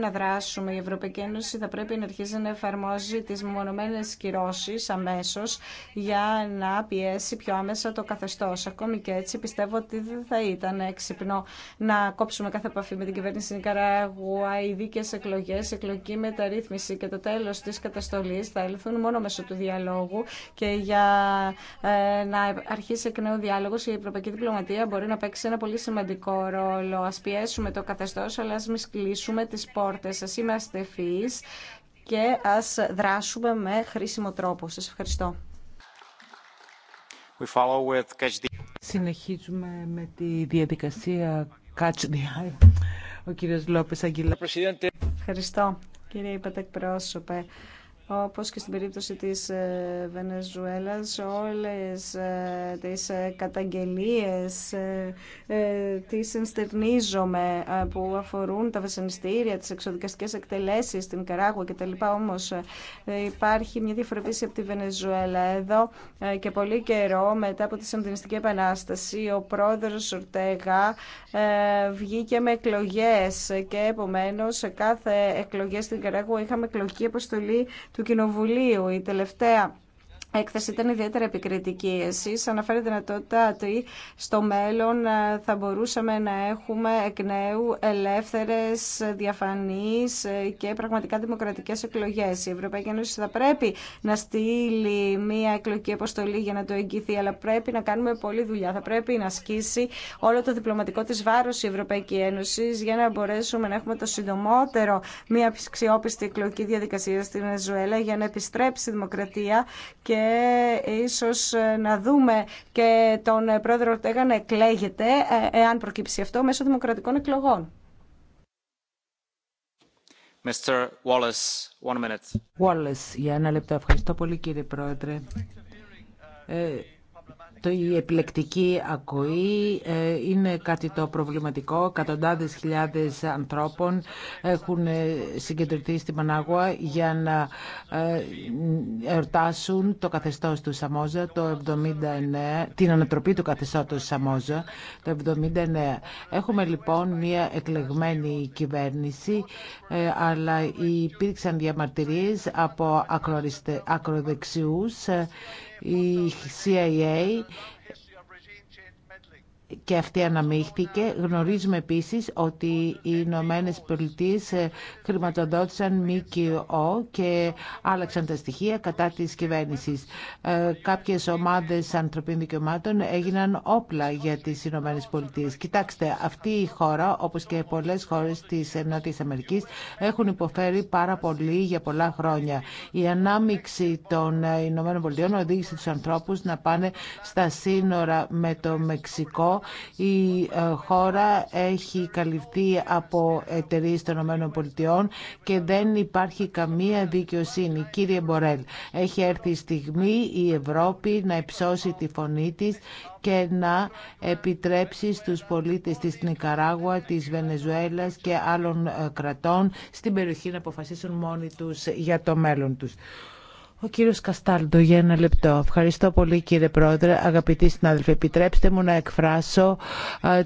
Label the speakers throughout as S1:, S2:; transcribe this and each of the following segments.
S1: να δράσουμε. Η Ευρωπαϊκή Ένωση θα πρέπει να αρχίσει να εφαρμόζει τις μονομένες κυρώσεις αμέσως για να πιέσει πιο άμεσα το καθεστώς. Ακόμη και έτσι πιστεύω ότι δεν θα ήταν έξυπνο να κόψουμε κάθε επαφή με την κυβέρνηση Νικαράγουα, οι εκλογέ, εκλογές, εκλογική μεταρρύθμιση και το τέλος της καταστολής θα έλθουν μόνο μέσω του διαλόγου και για ε, να αρχίσει εκ νέου διάλογος η Ευρωπαϊκή Διπλωματία μπορεί να παίξει ένα πολύ σημαντικό ρόλο. Ας πιέσουμε το καθεστώς αλλά ας μην κλείσουμε τις πόρτες. Ας είμαστε ευφυείς και ας δράσουμε με χρήσιμο τρόπο. Σας
S2: ευχαριστώ. Συνεχίζουμε με τη διαδικασία Catch the Eye. Ο κύριος Λόπες Αγγιλά.
S1: Ευχαριστώ κύριε Υπατεκπρόσωπε όπως και στην περίπτωση
S2: της ε,
S1: Βενεζουέλας, όλες ε, τις ε, καταγγελίες τις ενστερνίζομαι που αφορούν τα βασανιστήρια, τις εξοδικαστικές εκτελέσεις στην Καράγουα κτλ. Όμως υπάρχει μια διαφοροποίηση από τη Βενεζουέλα. Εδώ και πολύ καιρό μετά από τη Σαντινιστική Επανάσταση ο πρόεδρος Ορτέγα βγήκε με εκλογές και επομένως σε κάθε εκλογές στην Καράγουα είχαμε εκλογική αποστολή του του Κοινοβουλίου. Η τελευταία έκθεση ήταν ιδιαίτερα επικριτική. Εσεί αναφέρετε δυνατότητα ότι στο μέλλον ε, θα μπορούσαμε να έχουμε εκ νέου ελεύθερε διαφανεί ε, και πραγματικά δημοκρατικέ εκλογέ. Η Ευρωπαϊκή Ένωση θα πρέπει να στείλει μια εκλογική αποστολή για να το εγγυηθεί, αλλά πρέπει να κάνουμε πολλή δουλειά. Θα πρέπει να ασκήσει όλο το διπλωματικό τη βάρο η Ευρωπαϊκή Ένωση για να μπορέσουμε να έχουμε το συντομότερο μια αξιόπιστη εκλογική διαδικασία στην Βενεζουέλα για να επιστρέψει η δημοκρατία και και ε, να δούμε και τον πρόεδρο Ορτέγα να εκλέγεται, ε, εάν προκύψει αυτό, μέσω δημοκρατικών εκλογών.
S3: Mr. Wallace, one minute.
S2: Wallace, για ένα λεπτό. Ευχαριστώ πολύ κύριε Πρόεδρε. Ε, η επιλεκτική ακοή ε, είναι κάτι το προβληματικό. Κατοντάδες χιλιάδες ανθρώπων έχουν ε, συγκεντρωθεί στη Μανάγουα για να ε, εορτάσουν το καθεστώς του Σαμόζα το 79, την ανατροπή του καθεστώτος Σαμόζα το 79. Έχουμε λοιπόν μια εκλεγμένη κυβέρνηση αλλά υπήρξαν διαμαρτυρίες από ακροδεξιούς η CIA και αυτή αναμίχθηκε. Γνωρίζουμε επίσης ότι οι Ηνωμένε Πολιτείε ε, χρηματοδότησαν ΜΚΟ και άλλαξαν τα στοιχεία κατά της κυβέρνησης. Ε, κάποιες ομάδες ανθρωπίνων δικαιωμάτων έγιναν όπλα για τις Ηνωμένε Πολιτείε. Κοιτάξτε, αυτή η χώρα, όπως και πολλές χώρες της Νότιας Αμερικής, έχουν υποφέρει πάρα πολύ για πολλά χρόνια. Η ανάμειξη των ε, Ηνωμένων Πολιτείων οδήγησε τους ανθρώπους να πάνε στα σύνορα με το Μεξικό η ε, χώρα έχει καλυφθεί από εταιρείε των ΗΠΑ και δεν υπάρχει καμία δικαιοσύνη. Κύριε Μπορέλ, έχει έρθει η στιγμή η Ευρώπη να υψώσει τη φωνή της και να επιτρέψει στους πολίτες της Νικαράγουα, της Βενεζουέλας και άλλων ε, κρατών στην περιοχή να αποφασίσουν μόνοι τους για το μέλλον τους. Ο κύριος Καστάλντο για ένα λεπτό. Ευχαριστώ πολύ κύριε Πρόεδρε, αγαπητοί συνάδελφοι. Επιτρέψτε μου να εκφράσω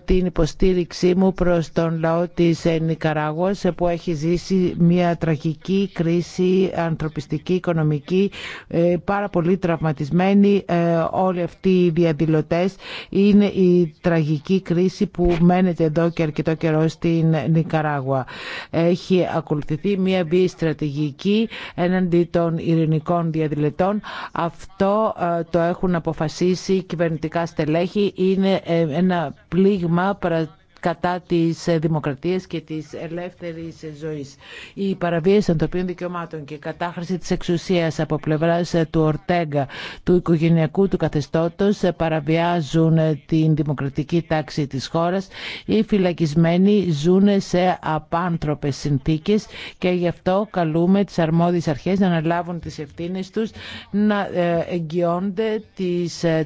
S2: την υποστήριξή μου προς τον λαό της ε, Νικαράγουας ε, που έχει ζήσει μια τραγική κρίση ανθρωπιστική, οικονομική, ε, πάρα πολύ τραυματισμένη. Όλοι αυτοί οι διαδηλωτέ είναι η τραγική κρίση που μένεται εδώ και αρκετό καιρό στην Νικαράγουα. Έχει ακολουθηθεί μια βίαιη στρατηγική έναντι των ειρηνικών διαδηλετών. Αυτό ε, το έχουν αποφασίσει κυβερνητικά στελέχη. Είναι ε, ένα πλήγμα παρά κατά της ε, δημοκρατίας και της ελεύθερης ε, ζωής. Οι παραβίαση των δικαιωμάτων και η κατάχρηση της εξουσίας από πλευράς ε, του Ορτέγκα, του οικογενειακού του καθεστώτος παραβιάζουν την δημοκρατική τάξη της χώρας. Οι φυλακισμένοι ζουν σε απάνθρωπες συνθήκες και γι' αυτό καλούμε τις αρμόδιες αρχές να αναλάβουν τις ευθύνες τους, να εγγυώνται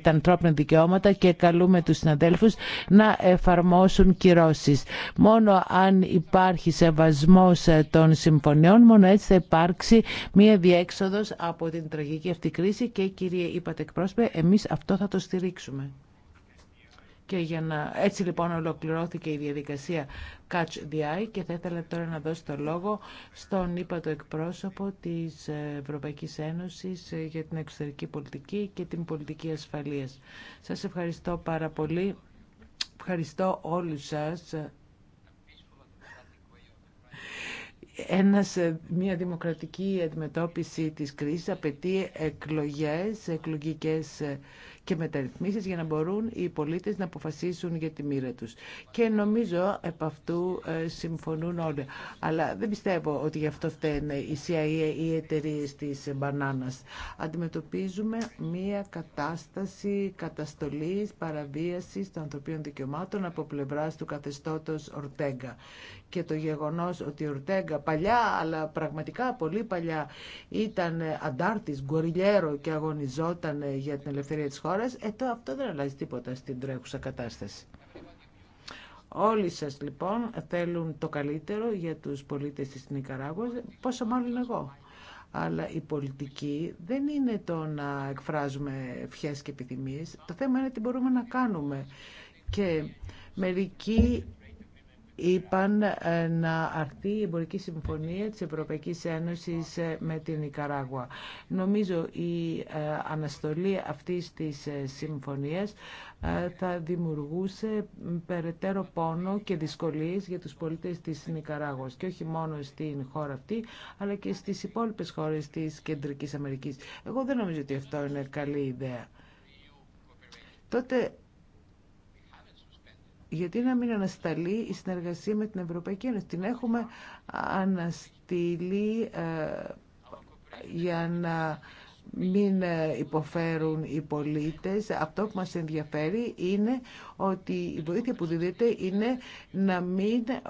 S2: τα ανθρώπινα δικαιώματα και καλούμε τους συναδέλφους να εφαρμόσουν Μόνο αν υπάρχει σεβασμός ε, των συμφωνιών, μόνο έτσι θα υπάρξει μία διέξοδος από την τραγική αυτή κρίση και κύριε είπατε εκπρόσωπε, εμείς αυτό θα το στηρίξουμε. Και για να... Έτσι λοιπόν ολοκληρώθηκε η διαδικασία Catch the Eye και θα ήθελα τώρα να δώσω το λόγο στον ύπατο εκπρόσωπο της Ευρωπαϊκής Ένωσης ε, για την εξωτερική πολιτική και την πολιτική ασφαλείας. Σας ευχαριστώ πάρα πολύ. Ευχαριστώ όλους σας. Ένας, μια δημοκρατική αντιμετώπιση της κρίσης απαιτεί εκλογές, εκλογικές και μεταρρυθμίσεις για να μπορούν οι πολίτες να αποφασίσουν για τη μοίρα τους. Και νομίζω επ' αυτού ε, συμφωνούν όλοι. Αλλά δεν πιστεύω ότι γι' αυτό φταίνε η CIA ή οι εταιρείε της μπανάνας. Αντιμετωπίζουμε μία κατάσταση καταστολής, παραβίασης των ανθρωπίνων δικαιωμάτων από πλευράς του καθεστώτος Ορτέγκα. Και το γεγονός ότι ο Ορτέγκα παλιά, αλλά πραγματικά πολύ παλιά, ήταν αντάρτης, γκοριλιέρο και αγωνιζόταν για την ελευθερία της χώρα ε, αυτό δεν αλλάζει τίποτα στην τρέχουσα κατάσταση. Όλοι σας λοιπόν θέλουν το καλύτερο για τους πολίτες της Νικαράγουα, πόσο μάλλον εγώ. Αλλά η πολιτική δεν είναι το να εκφράζουμε ευχές και επιθυμίες. Το θέμα είναι τι μπορούμε να κάνουμε. Και μερικοί είπαν ε, να αρθεί η εμπορική συμφωνία της Ευρωπαϊκής Ένωσης ε, με την Ικαράγουα. Νομίζω η ε, αναστολή αυτής της συμφωνίας θα δημιουργούσε περαιτέρω πόνο και δυσκολίες για τους πολίτες της Νικαράγουας και όχι μόνο στην χώρα αυτή αλλά και στις υπόλοιπες χώρες της Κεντρικής Αμερικής. Εγώ δεν νομίζω ότι αυτό είναι καλή ιδέα. Τότε γιατί να μην ανασταλεί η συνεργασία με την Ευρωπαϊκή Ένωση. Την έχουμε αναστείλει ε, για να μην ε, υποφέρουν οι πολίτες. Αυτό που μας ενδιαφέρει είναι ότι η βοήθεια που δίδεται είναι να μην, ε,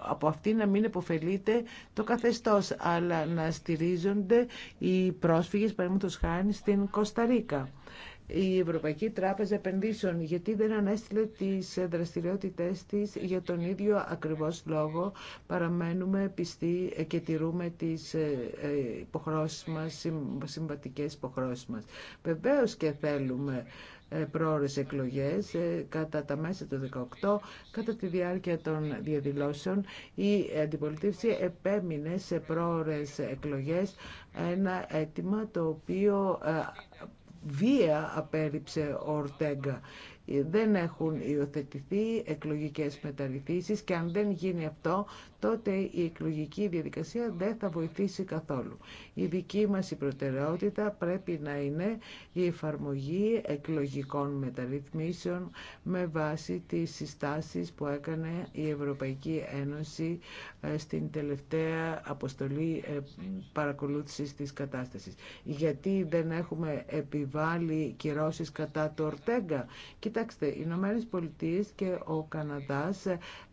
S2: από αυτή να μην υποφελείται το καθεστώς, αλλά να στηρίζονται οι πρόσφυγες, παραδείγματος χάρη, στην Κωνσταντίνα η Ευρωπαϊκή Τράπεζα Επενδύσεων, γιατί δεν ανέστηλε τις δραστηριότητές της για τον ίδιο ακριβώς λόγο. Παραμένουμε πιστοί και τηρούμε τις ε, ε, υποχρώσεις μας, συμβατικές υποχρώσεις μας. Βεβαίως και θέλουμε ε, πρόορες εκλογές κατά τα μέσα του 18 κατά τη διάρκεια των διαδηλώσεων η αντιπολιτεύση επέμεινε σε πρόορες εκλογές ένα αίτημα το οποίο βία απέρριψε ο Ορτέγκα. Δεν έχουν υιοθετηθεί εκλογικές μεταρρυθμίσεις και αν δεν γίνει αυτό, τότε η εκλογική διαδικασία δεν θα βοηθήσει καθόλου. Η δική μας η προτεραιότητα πρέπει να είναι η εφαρμογή εκλογικών μεταρρυθμίσεων με βάση τις συστάσεις που έκανε η Ευρωπαϊκή Ένωση στην τελευταία αποστολή ε, παρακολούθησης της κατάστασης. Γιατί δεν έχουμε επιβάλει κυρώσεις κατά το Ορτέγκα. Κοιτάξτε, οι Ηνωμένε Πολιτείε και ο Καναδάς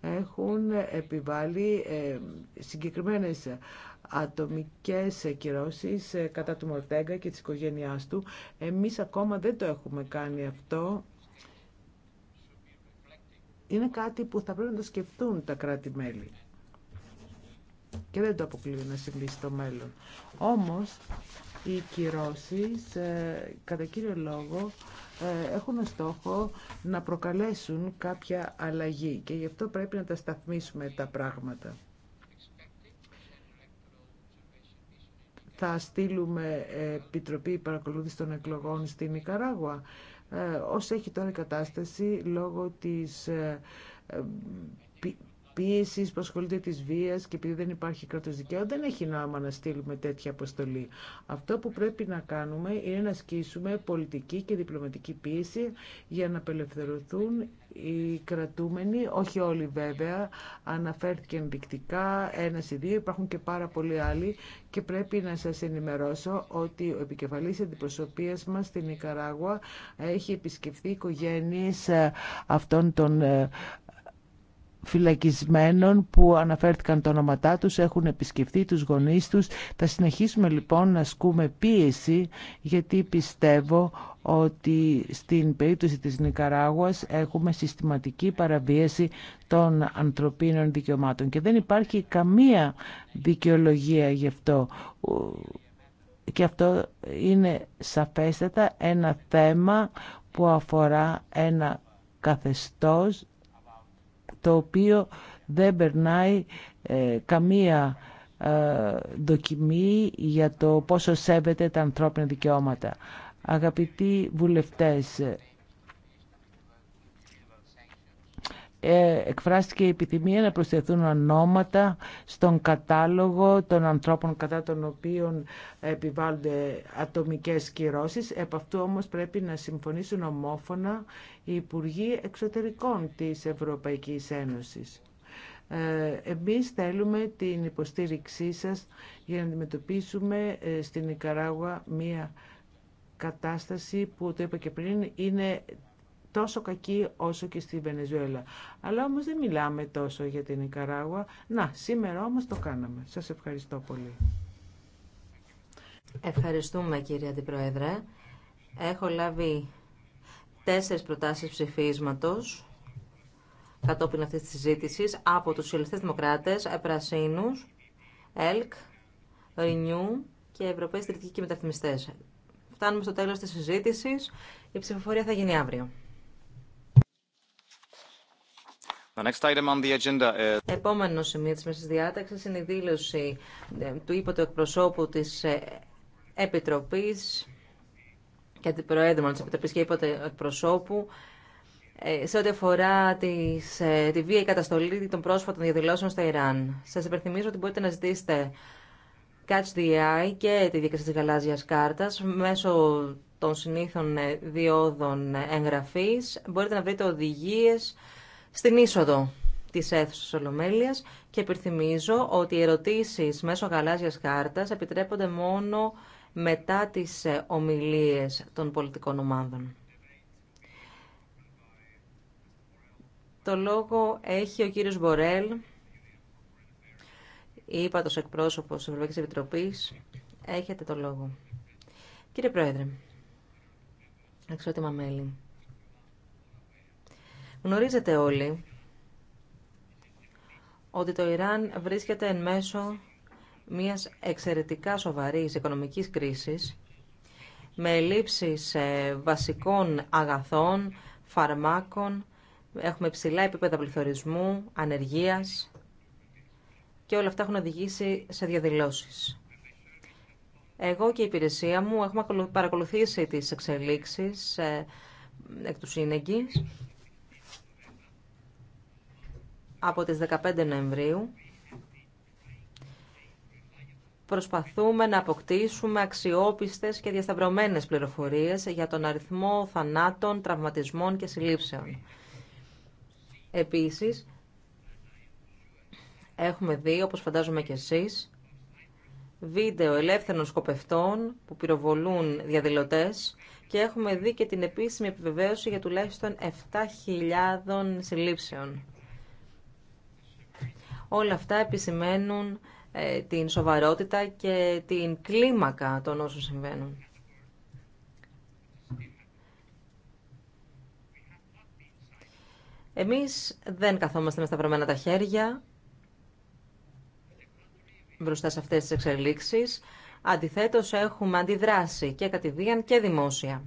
S2: έχουν επιβάλει ε, συγκεκριμένες ατομικές κυρώσεις ε, κατά του Ορτέγκα και της οικογένειάς του. Εμείς ακόμα δεν το έχουμε κάνει αυτό. Είναι κάτι που θα πρέπει να το σκεφτούν τα κράτη-μέλη και δεν το αποκλείω να συμβεί στο μέλλον. Όμως, οι κυρώσεις, ε, κατά κύριο λόγο, ε, έχουν στόχο να προκαλέσουν κάποια αλλαγή και γι' αυτό πρέπει να τα σταθμίσουμε τα πράγματα. Θα στείλουμε ε, Επιτροπή Παρακολούθηση των Εκλογών στην Νικαράγουα. Όσο έχει τώρα η κατάσταση, λόγω της πίεσης που ασχολείται τη βία και επειδή δεν υπάρχει κράτο δικαίου δεν έχει νόημα να στείλουμε τέτοια αποστολή. Αυτό που πρέπει να κάνουμε είναι να ασκήσουμε πολιτική και διπλωματική πίεση για να απελευθερωθούν οι κρατούμενοι, όχι όλοι βέβαια, αναφέρθηκε ενδεικτικά ένα ή δύο, υπάρχουν και πάρα πολλοί άλλοι και πρέπει να σας ενημερώσω ότι ο επικεφαλής αντιπροσωπείας μας στην Ικαράγουα έχει επισκεφθεί οικογένειες ε, αυτών των ε, φυλακισμένων που αναφέρθηκαν τα όνοματά τους, έχουν επισκεφθεί τους γονείς τους. Θα συνεχίσουμε λοιπόν να ασκούμε πίεση γιατί πιστεύω ότι στην περίπτωση της Νικαράγουας έχουμε συστηματική παραβίαση των ανθρωπίνων δικαιωμάτων και δεν υπάρχει καμία δικαιολογία γι' αυτό. Και αυτό είναι σαφέστατα ένα θέμα που αφορά ένα καθεστώς το οποίο δεν περνάει ε, καμία ε, δοκιμή για το πόσο σέβεται τα ανθρώπινα δικαιώματα. Αγαπητοί βουλευτές, Ε, εκφράστηκε η επιθυμία να προσθεθούν ονόματα στον κατάλογο των ανθρώπων κατά των οποίων επιβάλλονται ατομικές κυρώσεις. Επ' αυτού όμως πρέπει να συμφωνήσουν ομόφωνα οι Υπουργοί Εξωτερικών της Ευρωπαϊκής Ένωσης. Ε, εμείς θέλουμε την υποστήριξή σας για να αντιμετωπίσουμε ε, στην Ικαράγουα μία κατάσταση που το είπα και πριν είναι τόσο κακή όσο και στη Βενεζουέλα. Αλλά όμως δεν μιλάμε τόσο για την Ικαράγουα. Να, σήμερα όμως το κάναμε. Σας ευχαριστώ πολύ. Ευχαριστούμε κύριε Αντιπρόεδρε.
S4: Έχω λάβει τέσσερις προτάσεις ψηφίσματος κατόπιν αυτή τη συζήτησης από τους Σοσιαλιστές Δημοκράτες, Επρασίνους, ΕΛΚ, ΡΙΝΙΟΥ και Ευρωπαίοι Στρατηγικοί Μεταρρυθμιστέ. Φτάνουμε στο τέλο τη συζήτηση. Η ψηφοφορία θα γίνει αύριο. Το Επόμενο σημείο της μέσης διάταξης είναι η δήλωση ε, του του εκπροσώπου της ε, Επιτροπής και Προέδρου της Επιτροπής και ύποτου εκπροσώπου ε, σε ό,τι αφορά τις, τη βία καταστολή των πρόσφατων διαδηλώσεων στα Ιράν. Σας υπενθυμίζω ότι μπορείτε να ζητήσετε Catch the Eye και τη διοίκηση της γαλάζιας κάρτας μέσω των συνήθων διόδων εγγραφής. Μπορείτε να βρείτε οδηγίες στην είσοδο της αίθουσα Ολομέλειας και επιθυμίζω ότι οι ερωτήσεις μέσω γαλάζιας κάρτας επιτρέπονται μόνο μετά τις ε, ομιλίες των πολιτικών ομάδων. Το λόγο έχει ο κύριος Μπορέλ, το εκπρόσωπος της Ευρωπαϊκής Επιτροπής. Έχετε το λόγο. Κύριε Πρόεδρε, εξότιμα μέλη. Γνωρίζετε όλοι ότι το Ιράν βρίσκεται εν μέσω μιας εξαιρετικά σοβαρής οικονομικής κρίσης με ελλείψεις ε, βασικών αγαθών, φαρμάκων, έχουμε ψηλά επίπεδα πληθωρισμού, ανεργίας και όλα αυτά έχουν οδηγήσει σε διαδηλώσεις. Εγώ και η υπηρεσία μου έχουμε παρακολουθήσει τις εξελίξεις ε, εκ του σύνεγγυς από τις 15 Νοεμβρίου προσπαθούμε να αποκτήσουμε αξιόπιστες και διασταυρωμένες πληροφορίες για τον αριθμό θανάτων, τραυματισμών και συλλήψεων. Επίσης, έχουμε δει, όπως φαντάζομαι και εσείς, βίντεο ελεύθερων σκοπευτών που πυροβολούν διαδηλωτές και έχουμε δει και την επίσημη επιβεβαίωση για τουλάχιστον 7.000 συλλήψεων. Όλα αυτά επισημαίνουν ε, την σοβαρότητα και την κλίμακα των όσων συμβαίνουν. Εμείς δεν καθόμαστε με σταυρωμένα τα χέρια μπροστά σε αυτές τις εξελίξεις. Αντιθέτως έχουμε αντιδράσει και κατηδίαν και δημόσια.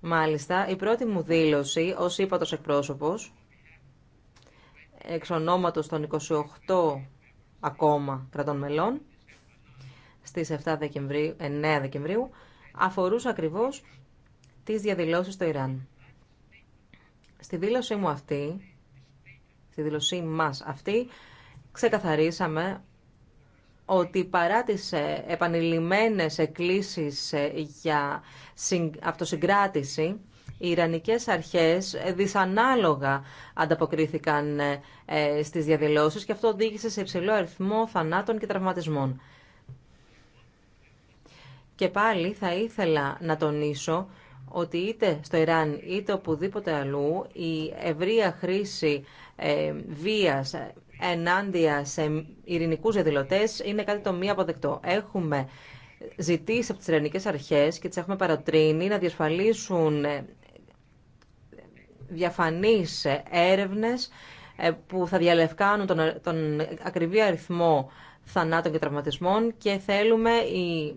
S4: Μάλιστα, η πρώτη μου δήλωση ως ύπατος εκπρόσωπος εξ ονόματος των 28 ακόμα κρατών μελών στις 7 Δεκεμβρίου, 9 Δεκεμβρίου αφορούσε ακριβώς τις διαδηλώσεις στο Ιράν. Στη δήλωσή μου αυτή, στη δήλωσή μας αυτή, ξεκαθαρίσαμε ότι παρά τις ε, επανειλημμένες εκκλήσεις ε, για αυτοσυγκράτηση οι Ιρανικές αρχές δυσανάλογα ανταποκρίθηκαν ε, ε, στις διαδηλώσεις και αυτό οδήγησε σε υψηλό αριθμό θανάτων και τραυματισμών. Και πάλι θα ήθελα να τονίσω ότι είτε στο Ιράν είτε οπουδήποτε αλλού η ευρεία χρήση ε, βίας ενάντια σε ειρηνικούς διαδηλωτέ είναι κάτι το μη αποδεκτό. Έχουμε ζητήσει από τις Ιρανικές αρχές και τις έχουμε παρατρύνει να διασφαλίσουν διαφανείς έρευνες ε, που θα διαλευκάνουν τον, τον ακριβή αριθμό θανάτων και τραυματισμών και θέλουμε οι,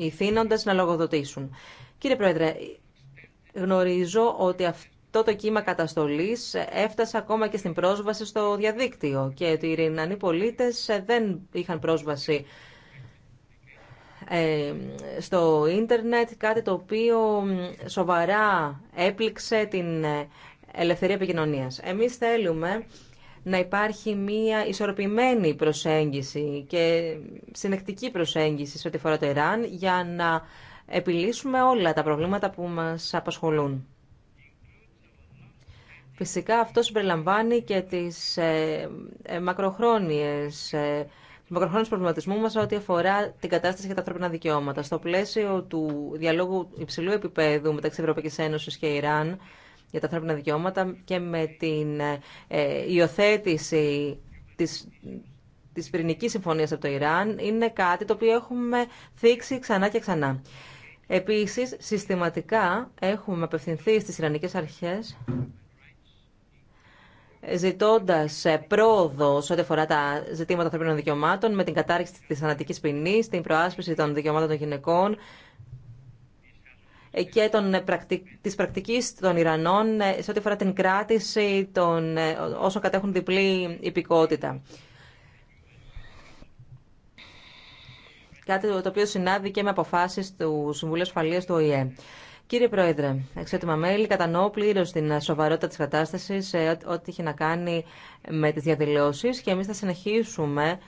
S4: ε, θύνοντες να λογοδοτήσουν. Κύριε Πρόεδρε, γνωρίζω ότι αυτό το κύμα καταστολής έφτασε ακόμα και στην πρόσβαση στο διαδίκτυο και ότι οι Ρινανοί πολίτες δεν είχαν πρόσβαση ε, στο ίντερνετ, κάτι το οποίο σοβαρά έπληξε την ε, ελευθερία επικοινωνίας. Εμείς θέλουμε να υπάρχει μία ισορροπημένη προσέγγιση και συνεκτική προσέγγιση σε ό,τι φορά το Ιράν για να επιλύσουμε όλα τα προβλήματα που μας απασχολούν. Φυσικά αυτό συμπεριλαμβάνει και τις ε, μακροχρόνιες μακροχρόνιου προβληματισμού μα ό,τι αφορά την κατάσταση για τα ανθρώπινα δικαιώματα. Στο πλαίσιο του διαλόγου υψηλού επίπεδου μεταξύ Ευρωπαϊκή Ένωση και Ιράν για τα ανθρώπινα δικαιώματα και με την ε, ε, υιοθέτηση της, της πυρηνικής συμφωνίας από το Ιράν είναι κάτι το οποίο έχουμε θίξει ξανά και ξανά. Επίσης, συστηματικά έχουμε απευθυνθεί στις Ιρανικές Αρχές ζητώντα ε, πρόοδο σε ό,τι αφορά τα ζητήματα ανθρωπίνων δικαιωμάτων, με την κατάρριξη τη θανατική ποινή, την προάσπιση των δικαιωμάτων των γυναικών και των, ε, της πρακτικής των Ιρανών ε, σε ό,τι αφορά την κράτηση των όσων κατέχουν διπλή υπηκότητα. Κάτι το οποίο συνάδει και με αποφάσεις του Συμβουλίου Ασφαλείας του ΟΗΕ. Κύριε Πρόεδρε, εξέτοιμα μέλη, κατανοώ πλήρω την σοβαρότητα τη κατάσταση σε ό,τι είχε να κάνει με τι διαδηλώσει και εμεί θα συνεχίσουμε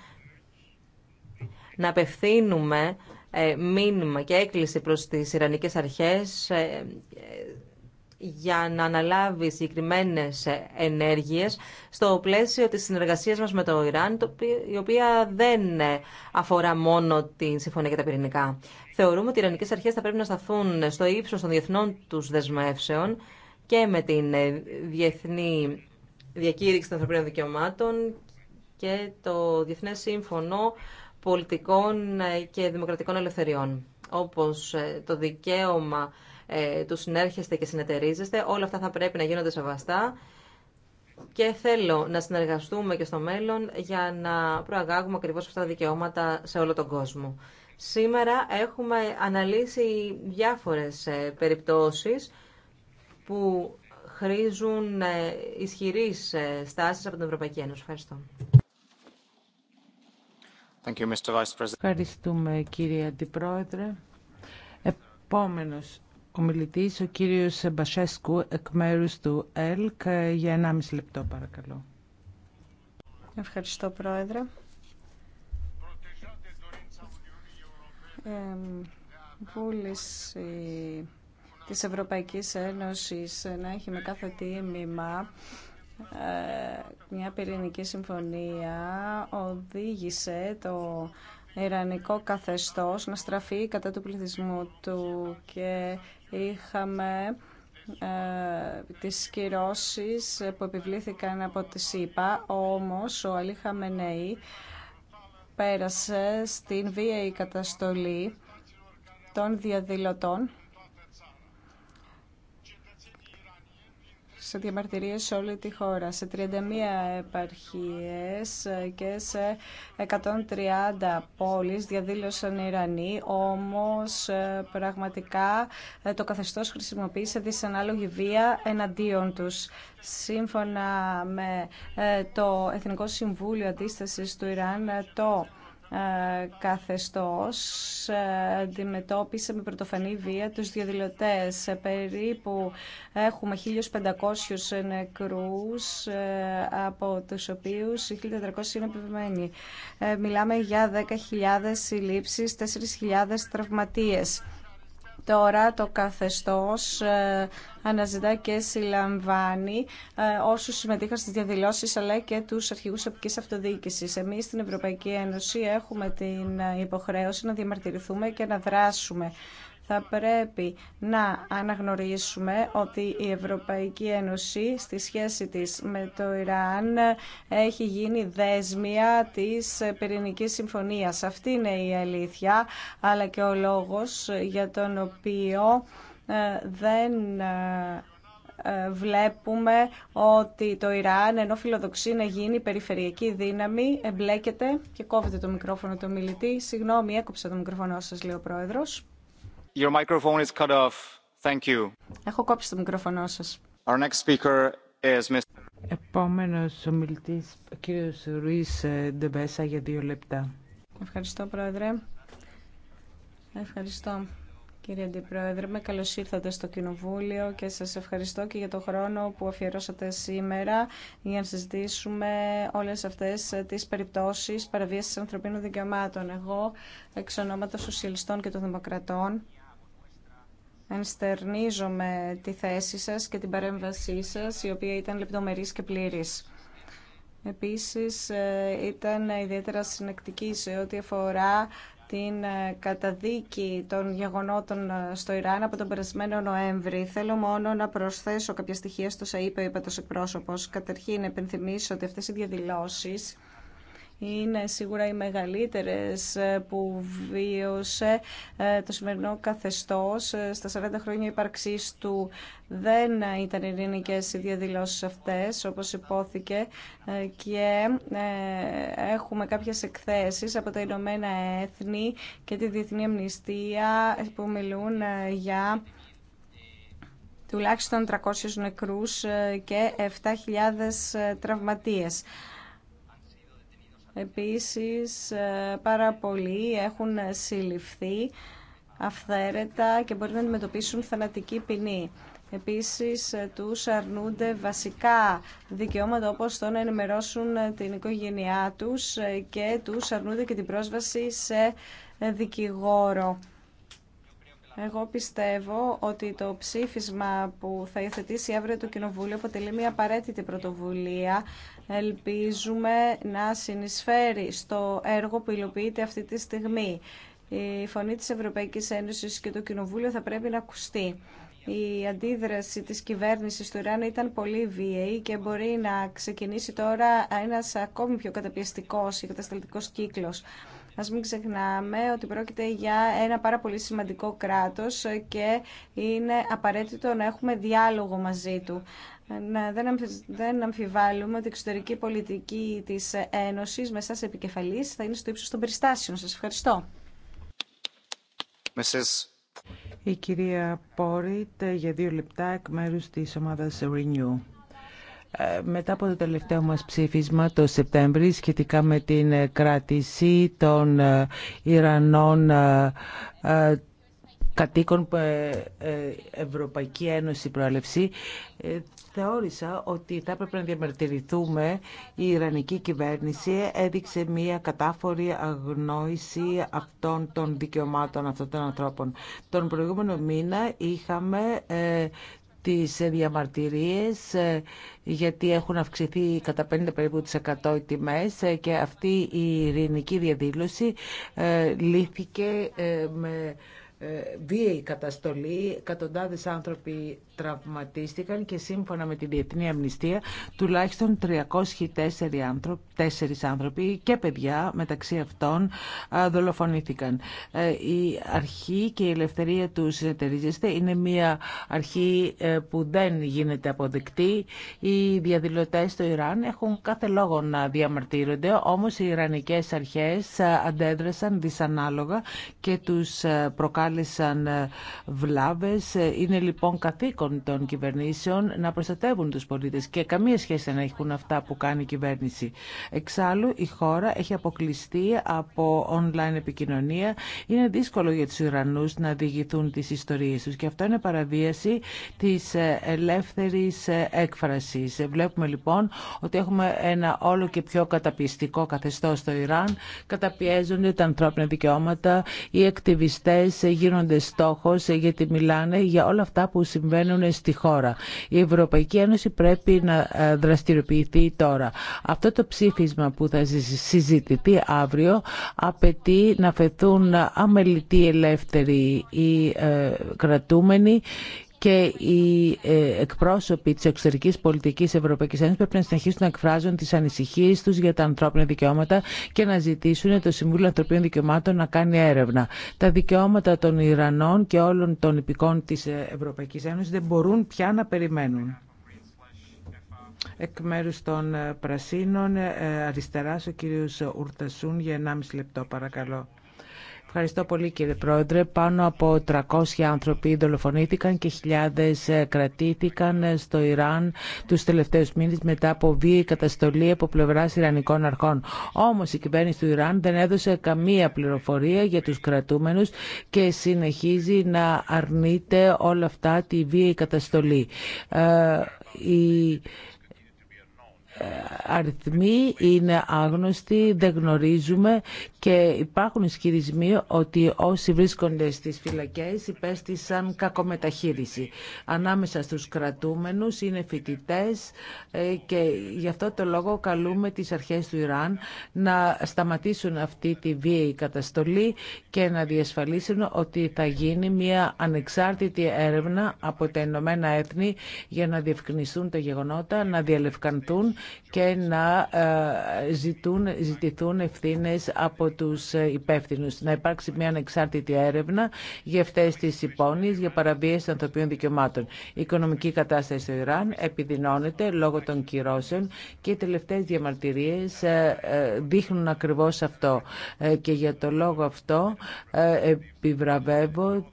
S4: να απευθύνουμε ε, μήνυμα και έκκληση προς τις Ιρανικές αρχές ε, για να αναλάβει συγκεκριμένε ε, ενέργειες στο πλαίσιο της συνεργασίας μας με το Ιράν, η οποία δεν αφορά μόνο την Συμφωνία για τα Πυρηνικά. Θεωρούμε ότι οι Ιρανικέ Αρχέ θα πρέπει να σταθούν στο ύψο των διεθνών του δεσμεύσεων και με την ε, διεθνή διακήρυξη των ανθρωπίνων δικαιωμάτων και το Διεθνέ Σύμφωνο Πολιτικών ε, και Δημοκρατικών Ελευθεριών. Όπω ε, το δικαίωμα του συνέρχεστε και συνεταιρίζεστε, όλα αυτά θα πρέπει να γίνονται σεβαστά και θέλω να συνεργαστούμε και στο μέλλον για να προαγάγουμε ακριβώς αυτά τα δικαιώματα σε όλο τον κόσμο. Σήμερα έχουμε αναλύσει διάφορες ε, περιπτώσεις που χρήζουν ε, ισχυρής ε, στάσης από την Ευρωπαϊκή Ένωση. Ευχαριστώ.
S3: Thank you, Mr. Vice President.
S2: Ευχαριστούμε κύριε Αντιπρόεδρε. Επόμενος ομιλητής, ο κύριος Μπασέσκου, εκ μέρους του ΕΛΚ, για 1,5 λεπτό παρακαλώ.
S1: Ευχαριστώ Πρόεδρε. βούληση της Ευρωπαϊκής Ένωσης να έχει με κάθε τίμημα ε, μια πυρηνική συμφωνία οδήγησε το Ιρανικό καθεστώς να στραφεί κατά του πληθυσμού του και είχαμε ε, τις κυρώσεις που επιβλήθηκαν από τη ΣΥΠΑ, όμως ο Αλή Χαμενέη πέρασε στην βίαιη καταστολή των διαδηλωτών σε διαμαρτυρίες σε όλη τη χώρα, σε 31 επαρχίες και σε 130 πόλεις διαδήλωσαν Ιρανοί, όμως ε, πραγματικά ε, το καθεστώς χρησιμοποίησε δυσανάλογη βία εναντίον τους. Σύμφωνα με ε, το Εθνικό Συμβούλιο Αντίστασης του Ιράν, ε, καθεστώς ε, αντιμετώπισε με πρωτοφανή βία τους διαδηλωτές. Ε, περίπου έχουμε 1.500 νεκρούς, από τους οποίους 1.400 είναι επιβεβαιμένοι. Μιλάμε για 10.000 συλλήψεις, 4.000 τραυματίες. Τώρα το καθεστώς ε, αναζητά και συλλαμβάνει ε, όσους συμμετείχαν στις διαδηλώσεις αλλά και τους αρχηγούς επικής αυτοδιοίκησης. Εμείς στην Ευρωπαϊκή Ένωση έχουμε την ε, υποχρέωση να διαμαρτυρηθούμε και να δράσουμε θα πρέπει να αναγνωρίσουμε ότι η Ευρωπαϊκή Ένωση στη σχέση της με το Ιράν έχει γίνει δέσμια της πυρηνική Συμφωνίας. Αυτή είναι η αλήθεια, αλλά και ο λόγος για τον οποίο ε, δεν ε, ε, βλέπουμε ότι το Ιράν, ενώ φιλοδοξεί να γίνει περιφερειακή δύναμη, εμπλέκεται και κόβεται το μικρόφωνο του μιλητή. Συγγνώμη, έκοψα το μικρόφωνο σας, λέει ο Πρόεδρος.
S3: Your microphone is cut off. Thank you.
S2: Έχω κόψει το μικρόφωνο σας.
S3: Our next speaker is Mr.
S2: Επόμενος ο κύριος ε, Ντεμπέσα για δύο λεπτά. Ευχαριστώ, Πρόεδρε. Ευχαριστώ.
S1: Κύριε Αντιπρόεδρε, με καλώς ήρθατε στο Κοινοβούλιο και σας ευχαριστώ και για το χρόνο που αφιερώσατε σήμερα για να συζητήσουμε όλες αυτές ε, τις περιπτώσεις παραβίασης ανθρωπίνων δικαιωμάτων. Εγώ, εξ ονόματος Σοσιαλιστών και των Δημοκρατών, ενστερνίζομαι τη θέση σας και την παρέμβασή σας, η οποία ήταν λεπτομερής και πλήρης. Επίσης, ε, ήταν ιδιαίτερα συνεκτική σε ό,τι αφορά την ε, καταδίκη των γεγονότων ε, στο Ιράν από τον περασμένο Νοέμβρη. Θέλω μόνο να προσθέσω κάποια στοιχεία στο ΣΑΙΠΕ, είπε το εκπρόσωπος. Καταρχήν, επενθυμίσω ότι αυτές οι διαδηλώσει είναι σίγουρα οι μεγαλύτερες που βίωσε ε, το σημερινό καθεστώς ε, στα 40 χρόνια υπαρξής του. Δεν ήταν ειρηνικές οι διαδηλώσεις αυτές, όπως υπόθηκε, ε, και έχουμε κάποιες εκθέσεις από τα Ηνωμένα Έθνη και τη Διεθνή Αμνηστία που μιλούν για τουλάχιστον 300 νεκρούς και 7.000 τραυματίες. Επίσης, ε, πάρα πολλοί έχουν συλληφθεί αυθαίρετα και μπορεί να αντιμετωπίσουν θανατική ποινή. Επίσης, ε, τους αρνούνται βασικά δικαιώματα όπως το να ενημερώσουν ε, την οικογένειά τους και τους αρνούνται και την πρόσβαση σε δικηγόρο. Εγώ πιστεύω ότι το ψήφισμα που θα υιοθετήσει αύριο το Κοινοβούλιο αποτελεί μια απαραίτητη πρωτοβουλία. Ελπίζουμε να συνεισφέρει στο έργο που υλοποιείται αυτή τη στιγμή. Η φωνή της Ευρωπαϊκής Ένωσης και το Κοινοβούλιο θα πρέπει να ακουστεί. Η αντίδραση της κυβέρνησης του Ιράν ήταν πολύ βίαιη και μπορεί να ξεκινήσει τώρα ένας ακόμη πιο καταπιεστικός ή κατασταλτικός κύκλος. Ας μην ξεχνάμε ότι πρόκειται για ένα πάρα πολύ σημαντικό κράτος και είναι απαραίτητο να έχουμε διάλογο μαζί του. Να, δεν, αμφιβάλλουμε ότι η εξωτερική πολιτική της Ένωση με εσά επικεφαλής θα είναι στο ύψο των περιστάσεων. Σας ευχαριστώ.
S2: Η κυρία Πόριτ για δύο λεπτά εκ μέρους της ομάδας Renew. Ε, μετά από το τελευταίο μας ψήφισμα το Σεπτέμβρη σχετικά με την κράτηση των ε, Ιρανών ε, κατοίκων Ευρωπαϊκή Ένωση Προέλευση, θεώρησα ότι θα έπρεπε να διαμαρτυρηθούμε. Η Ιρανική κυβέρνηση έδειξε μια κατάφορη αγνόηση αυτών των δικαιωμάτων αυτών των ανθρώπων. Τον προηγούμενο μήνα είχαμε τις διαμαρτυρίες ε, γιατί έχουν αυξηθεί κατά 50 περίπου τις 100 οι τιμές ε, και αυτή η ειρηνική διαδήλωση ε, λύθηκε με βίαιη καταστολή. Εκατοντάδες άνθρωποι τραυματίστηκαν και σύμφωνα με τη Διεθνή Αμνηστία τουλάχιστον 304 άνθρωποι, άνθρωποι και παιδιά μεταξύ αυτών δολοφονήθηκαν. Ε, η αρχή και η ελευθερία του συνεταιρίζεστε είναι μια αρχή ε, που δεν γίνεται αποδεκτή. Οι διαδηλωτές στο Ιράν έχουν κάθε λόγο να διαμαρτύρονται, όμως οι Ιρανικές αρχές ε, αντέδρασαν δυσανάλογα και τους προκάλεσαν βλάβες. Είναι λοιπόν καθήκον των κυβερνήσεων να προστατεύουν τους πολίτες και καμία σχέση να έχουν αυτά που κάνει η κυβέρνηση. Εξάλλου η χώρα έχει αποκλειστεί από online επικοινωνία. Είναι δύσκολο για τους Ιρανούς να διηγηθούν τις ιστορίες τους και αυτό είναι παραβίαση της ε, ελεύθερης ε, έκφρασης. Βλέπουμε λοιπόν ότι έχουμε ένα όλο και πιο καταπιστικό καθεστώς στο Ιράν. Καταπιέζονται τα ανθρώπινα δικαιώματα, οι εκτιβιστές ε, γίνονται στόχος γιατί μιλάνε για όλα αυτά που συμβαίνουν στη χώρα. Η Ευρωπαϊκή Ένωση πρέπει να ε, δραστηριοποιηθεί τώρα. Αυτό το ψήφισμα που θα συζητηθεί αύριο απαιτεί να φεθούν αμελητοί ελεύθεροι οι ε, κρατούμενοι και οι ε, εκπρόσωποι της εξωτερική πολιτική Ευρωπαϊκής Ένωσης πρέπει να συνεχίσουν να εκφράζουν τις ανησυχίες τους για τα ανθρώπινα δικαιώματα και να ζητήσουν το Συμβούλιο Ανθρωπίνων Δικαιωμάτων να κάνει έρευνα. Τα δικαιώματα των Ιρανών και όλων των υπηκών της ε, Ευρωπαϊκής Ένωσης δεν μπορούν πια να περιμένουν. Εκ μέρου των ε, Πρασίνων, αριστερά ο κύριος Ουρτασούν για 1,5 λεπτό παρακαλώ. Ευχαριστώ πολύ κύριε Πρόεδρε. Πάνω από 300 άνθρωποι δολοφονήθηκαν και χιλιάδες ε, κρατήθηκαν ε, στο Ιράν τους τελευταίους μήνες μετά από βίαιη καταστολή από πλευράς Ιρανικών αρχών. Όμως η κυβέρνηση του Ιράν δεν έδωσε καμία πληροφορία για τους κρατούμενους και συνεχίζει να αρνείται όλα αυτά τη βίαιη καταστολή. Ε, η αριθμοί είναι άγνωστοι, δεν γνωρίζουμε και υπάρχουν ισχυρισμοί ότι όσοι βρίσκονται στις φυλακές υπέστησαν κακομεταχείριση. Ανάμεσα στους κρατούμενους είναι φοιτητέ ε, και γι' αυτό το λόγο καλούμε τις αρχές του Ιράν να σταματήσουν αυτή τη βίαιη καταστολή και να διασφαλίσουν ότι θα γίνει μια ανεξάρτητη έρευνα από τα Ηνωμένα Έθνη για να διευκρινιστούν τα γεγονότα, να διαλευκανθούν και να ε, ζητούν, ζητηθούν ευθύνε από τους ε, υπεύθυνου. Να υπάρξει μια ανεξάρτητη έρευνα για αυτέ τι υπόνοιε για παραβίαση των ανθρωπίνων δικαιωμάτων. Η οικονομική κατάσταση στο Ιράν επιδεινώνεται λόγω των κυρώσεων και οι τελευταίες διαμαρτυρίες ε, δείχνουν ακριβώς αυτό. Και για το λόγο αυτό επιβραβεύω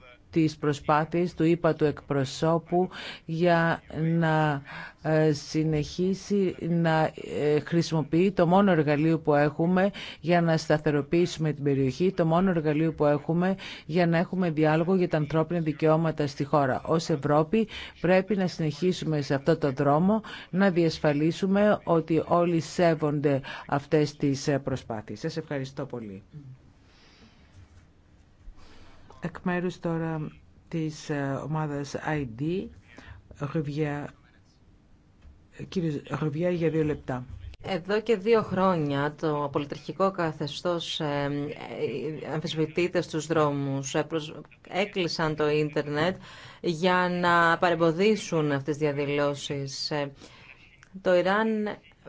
S2: τις προσπάθειες του ΙΠΑ του εκπροσώπου για να ε, συνεχίσει να ε, χρησιμοποιεί το μόνο εργαλείο που έχουμε για να σταθεροποιήσουμε την περιοχή, το μόνο εργαλείο που έχουμε για να έχουμε διάλογο για τα ανθρώπινα δικαιώματα στη χώρα. Ως Ευρώπη πρέπει να συνεχίσουμε σε αυτό το δρόμο να διασφαλίσουμε ότι όλοι σέβονται αυτές τις ε, προσπάθειες. Σας ευχαριστώ πολύ. Εκ μέρου τώρα της ε, ομάδας ID,
S4: κύριε Ρουβιά για δύο λεπτά. Εδώ και δύο χρόνια το πολιτερχικό καθεστώς ε, ε, αμφισβητείται στους δρόμους. Έκλεισαν το ίντερνετ για να παρεμποδίσουν αυτές τις διαδηλώσεις. Το Ιράν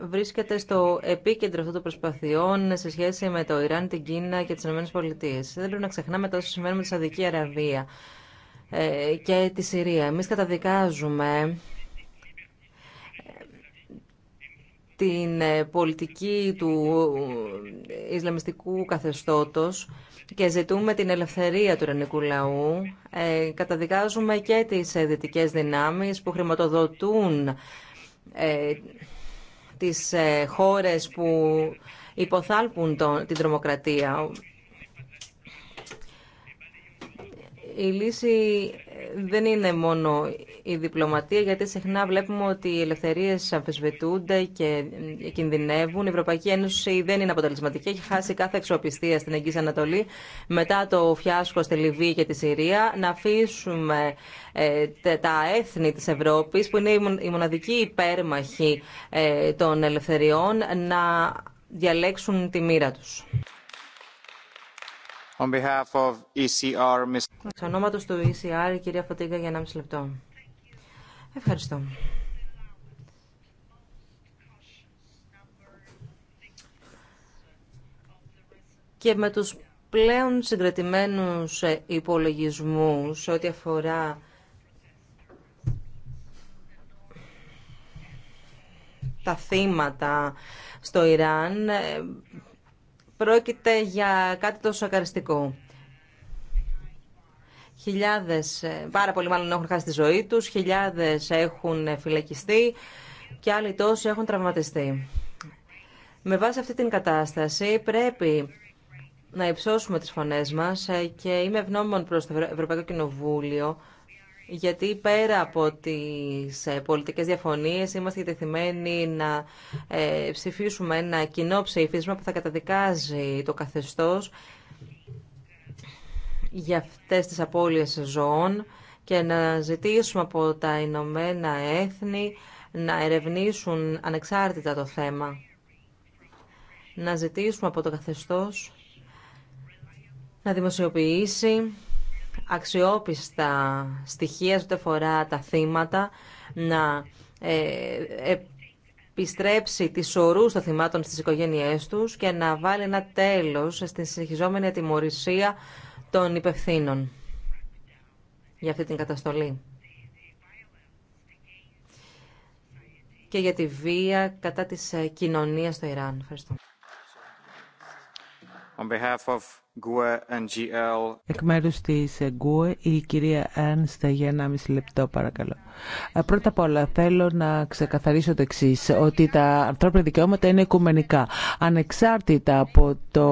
S4: βρίσκεται στο επίκεντρο αυτών των προσπαθειών σε σχέση με το Ιράν, την Κίνα και τις ΗΠΑ. Δεν πρέπει να ξεχνάμε τα όσα με τη Σαδική Αραβία ε, και τη Συρία. Εμεί καταδικάζουμε ε, την ε, πολιτική του Ισλαμιστικού καθεστώτος και ζητούμε την ελευθερία του ελληνικού λαού. καταδικάζουμε και τις δυτικές δυνάμεις που χρηματοδοτούν τις ε, χώρες που υποθάλπουν την τρομοκρατία. Η δεν είναι μόνο η διπλωματία, γιατί συχνά βλέπουμε ότι οι ελευθερίες αμφισβητούνται και κινδυνεύουν. Η Ευρωπαϊκή Ένωση δεν είναι αποτελεσματική, έχει χάσει κάθε αξιοπιστία στην Εγγύη Ανατολή μετά το φιάσκο στη Λιβύη και τη Συρία. Να αφήσουμε ε, τα έθνη της Ευρώπης, που είναι η μοναδική υπέρμαχη ε, των ελευθεριών, να διαλέξουν τη μοίρα τους.
S3: On behalf of ECR,
S4: ονόματος του ECR, η κυρία Φωτίγκα για 1,5 λεπτό. Ευχαριστώ. Και με τους πλέον συγκρατημένους ε, υπολογισμούς ό,τι αφορά τα θύματα στο Ιράν ε, Πρόκειται για κάτι τόσο ακαριστικό. Χιλιάδες, ε, πάρα πολλοί μάλλον έχουν χάσει τη ζωή τους, χιλιάδες έχουν φυλακιστεί και άλλοι τόσοι έχουν τραυματιστεί. Με βάση αυτή την κατάσταση πρέπει να υψώσουμε τις φωνές μας ε, και είμαι ευγνώμων προς το Ευρωπαϊκό Κοινοβούλιο γιατί πέρα από τις ε, πολιτικές διαφωνίες είμαστε διατεθειμένοι να ε, ψηφίσουμε ένα κοινό ψήφισμα που θα καταδικάζει το καθεστώς για αυτές τις απώλειες ζώων και να ζητήσουμε από τα Ηνωμένα Έθνη να ερευνήσουν ανεξάρτητα το θέμα. Να ζητήσουμε από το καθεστώς να δημοσιοποιήσει αξιόπιστα στοιχεία ό,τι αφορά τα θύματα, να ε, επιστρέψει τις ορούς των θυμάτων στις οικογένειές τους και να βάλει ένα τέλος στην συνεχιζόμενη ατιμορρησία των υπευθύνων για αυτή την καταστολή. και για τη βία κατά της ε, κοινωνίας στο Ιράν. Ευχαριστώ.
S2: Εκ μέρου τη Γκουέ, ε, η κυρία Ένστα ε, για 1,5 λεπτό, παρακαλώ. Ε, πρώτα απ' όλα, θέλω να ξεκαθαρίσω το εξή, ότι τα ανθρώπινα δικαιώματα είναι οικουμενικά. Ανεξάρτητα από το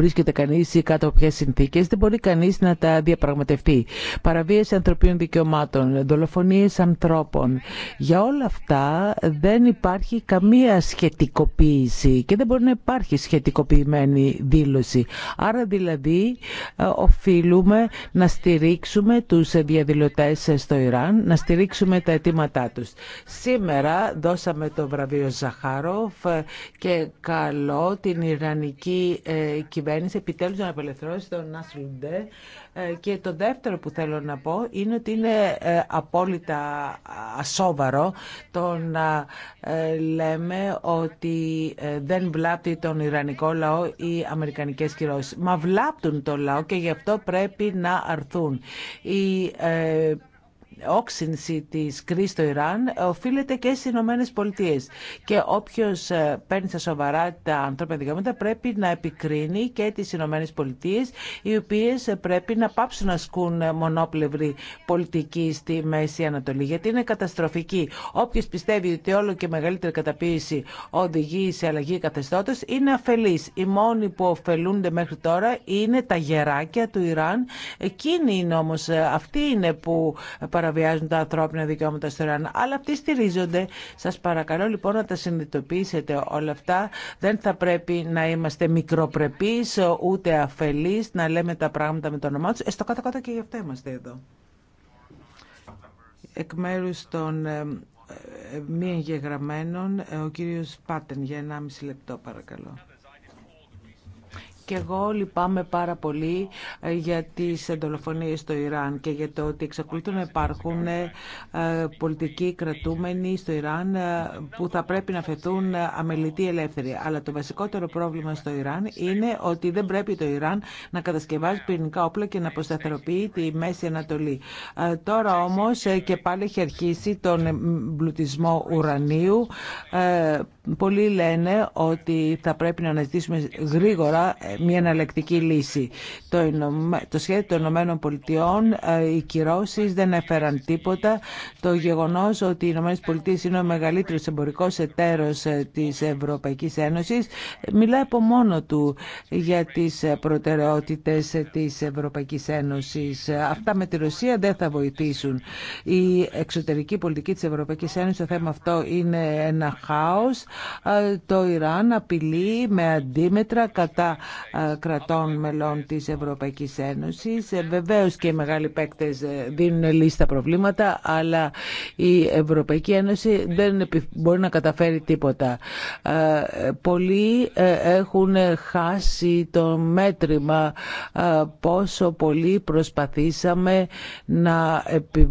S2: βρίσκεται κανεί ή κάτω από ποιε συνθήκε, δεν μπορεί κανεί να τα διαπραγματευτεί. Παραβίαση ανθρωπίνων δικαιωμάτων, δολοφονίε ανθρώπων. Για όλα αυτά δεν υπάρχει καμία σχετικοποίηση και δεν μπορεί να υπάρχει σχετικοποιημένη δήλωση. Άρα δηλαδή ε, οφείλουμε να στηρίξουμε τους διαδηλωτέ στο Ιράν, να στηρίξουμε τα αιτήματά τους. Σήμερα δώσαμε το βραβείο Ζαχάροφ ε, και καλό την Ιρανική ε, κυβέρνηση κυβέρνηση επιτέλου να απελευθερώσει τον Νασλουντέ ε, και το δεύτερο που θέλω να πω είναι ότι είναι ε, απόλυτα ασόβαρο το να ε, λέμε ότι δεν βλάπτει τον Ιρανικό λαό οι αμερικανικέ κυρώσει. Μα βλάπτουν τον λαό και γι' αυτό πρέπει να αρθούν. Οι όξυνση της κρίσης στο Ιράν οφείλεται και στις Ηνωμένε Πολιτείε. Και όποιος ε, παίρνει στα σοβαρά τα ανθρώπινα δικαιώματα πρέπει να επικρίνει και τις Ηνωμένε Πολιτείε, οι οποίες πρέπει να πάψουν να ασκούν μονόπλευρη πολιτική στη Μέση Ανατολή, γιατί είναι καταστροφική. Όποιος πιστεύει ότι όλο και μεγαλύτερη καταποίηση οδηγεί σε αλλαγή καθεστώτος είναι αφελής. Οι μόνοι που ωφελούνται μέχρι τώρα είναι τα γεράκια του Ιράν. Εκείνοι είναι όμως, ε, αυτοί είναι που παρα παραβιάζουν τα ανθρώπινα δικαιώματα στο Ιράν. Αλλά αυτοί στηρίζονται. Σας παρακαλώ λοιπόν να τα συνειδητοποιήσετε όλα αυτά. Δεν θα πρέπει να είμαστε μικροπρεπείς, ούτε αφελείς, να λέμε τα πράγματα με το όνομά τους. Ε, στο κατω και γι' αυτό είμαστε εδώ. Εκ μέρου των ε, ε, μη εγγεγραμμένων, ε, ο κύριος Πάτεν για 1,5 λεπτό παρακαλώ. Και εγώ λυπάμαι πάρα πολύ ε, για τις εντολοφονίες στο Ιράν και για το ότι εξακολουθούν να υπάρχουν ε, πολιτικοί κρατούμενοι στο Ιράν ε, που θα πρέπει να φεθούν αμελητοί ελεύθεροι. Αλλά το βασικότερο πρόβλημα στο Ιράν είναι ότι δεν πρέπει το Ιράν να κατασκευάζει πυρηνικά όπλα και να αποσταθεροποιεί τη Μέση Ανατολή. Τώρα όμως και πάλι έχει αρχίσει τον εμπλουτισμό ουρανίου Πολλοί λένε ότι θα πρέπει να αναζητήσουμε γρήγορα ε, μια εναλλακτική λύση. Το σχέδιο των Ηνωμένων Πολιτειών, ε, οι κυρώσει δεν έφεραν τίποτα. Το γεγονό ότι οι Ηνωμένε Πολιτείε είναι ο μεγαλύτερο εμπορικό εταίρο ε, τη Ευρωπαϊκή Ένωση μιλάει από μόνο του για τι προτεραιότητε τη Ευρωπαϊκή Ένωση. Αυτά με τη Ρωσία δεν θα βοηθήσουν. Η εξωτερική πολιτική τη Ευρωπαϊκή Ένωση, το θέμα αυτό είναι ένα χάο ε, το Ιράν απειλεί με αντίμετρα κατά ε, κρατών μελών της Ευρωπαϊκής Ένωσης. Ε, βεβαίως και οι μεγάλοι παίκτες δίνουν λίστα προβλήματα, αλλά η Ευρωπαϊκή Ένωση δεν μπορεί να καταφέρει τίποτα. Πολλοί έχουν χάσει το μέτρημα πόσο πολύ προσπαθήσαμε να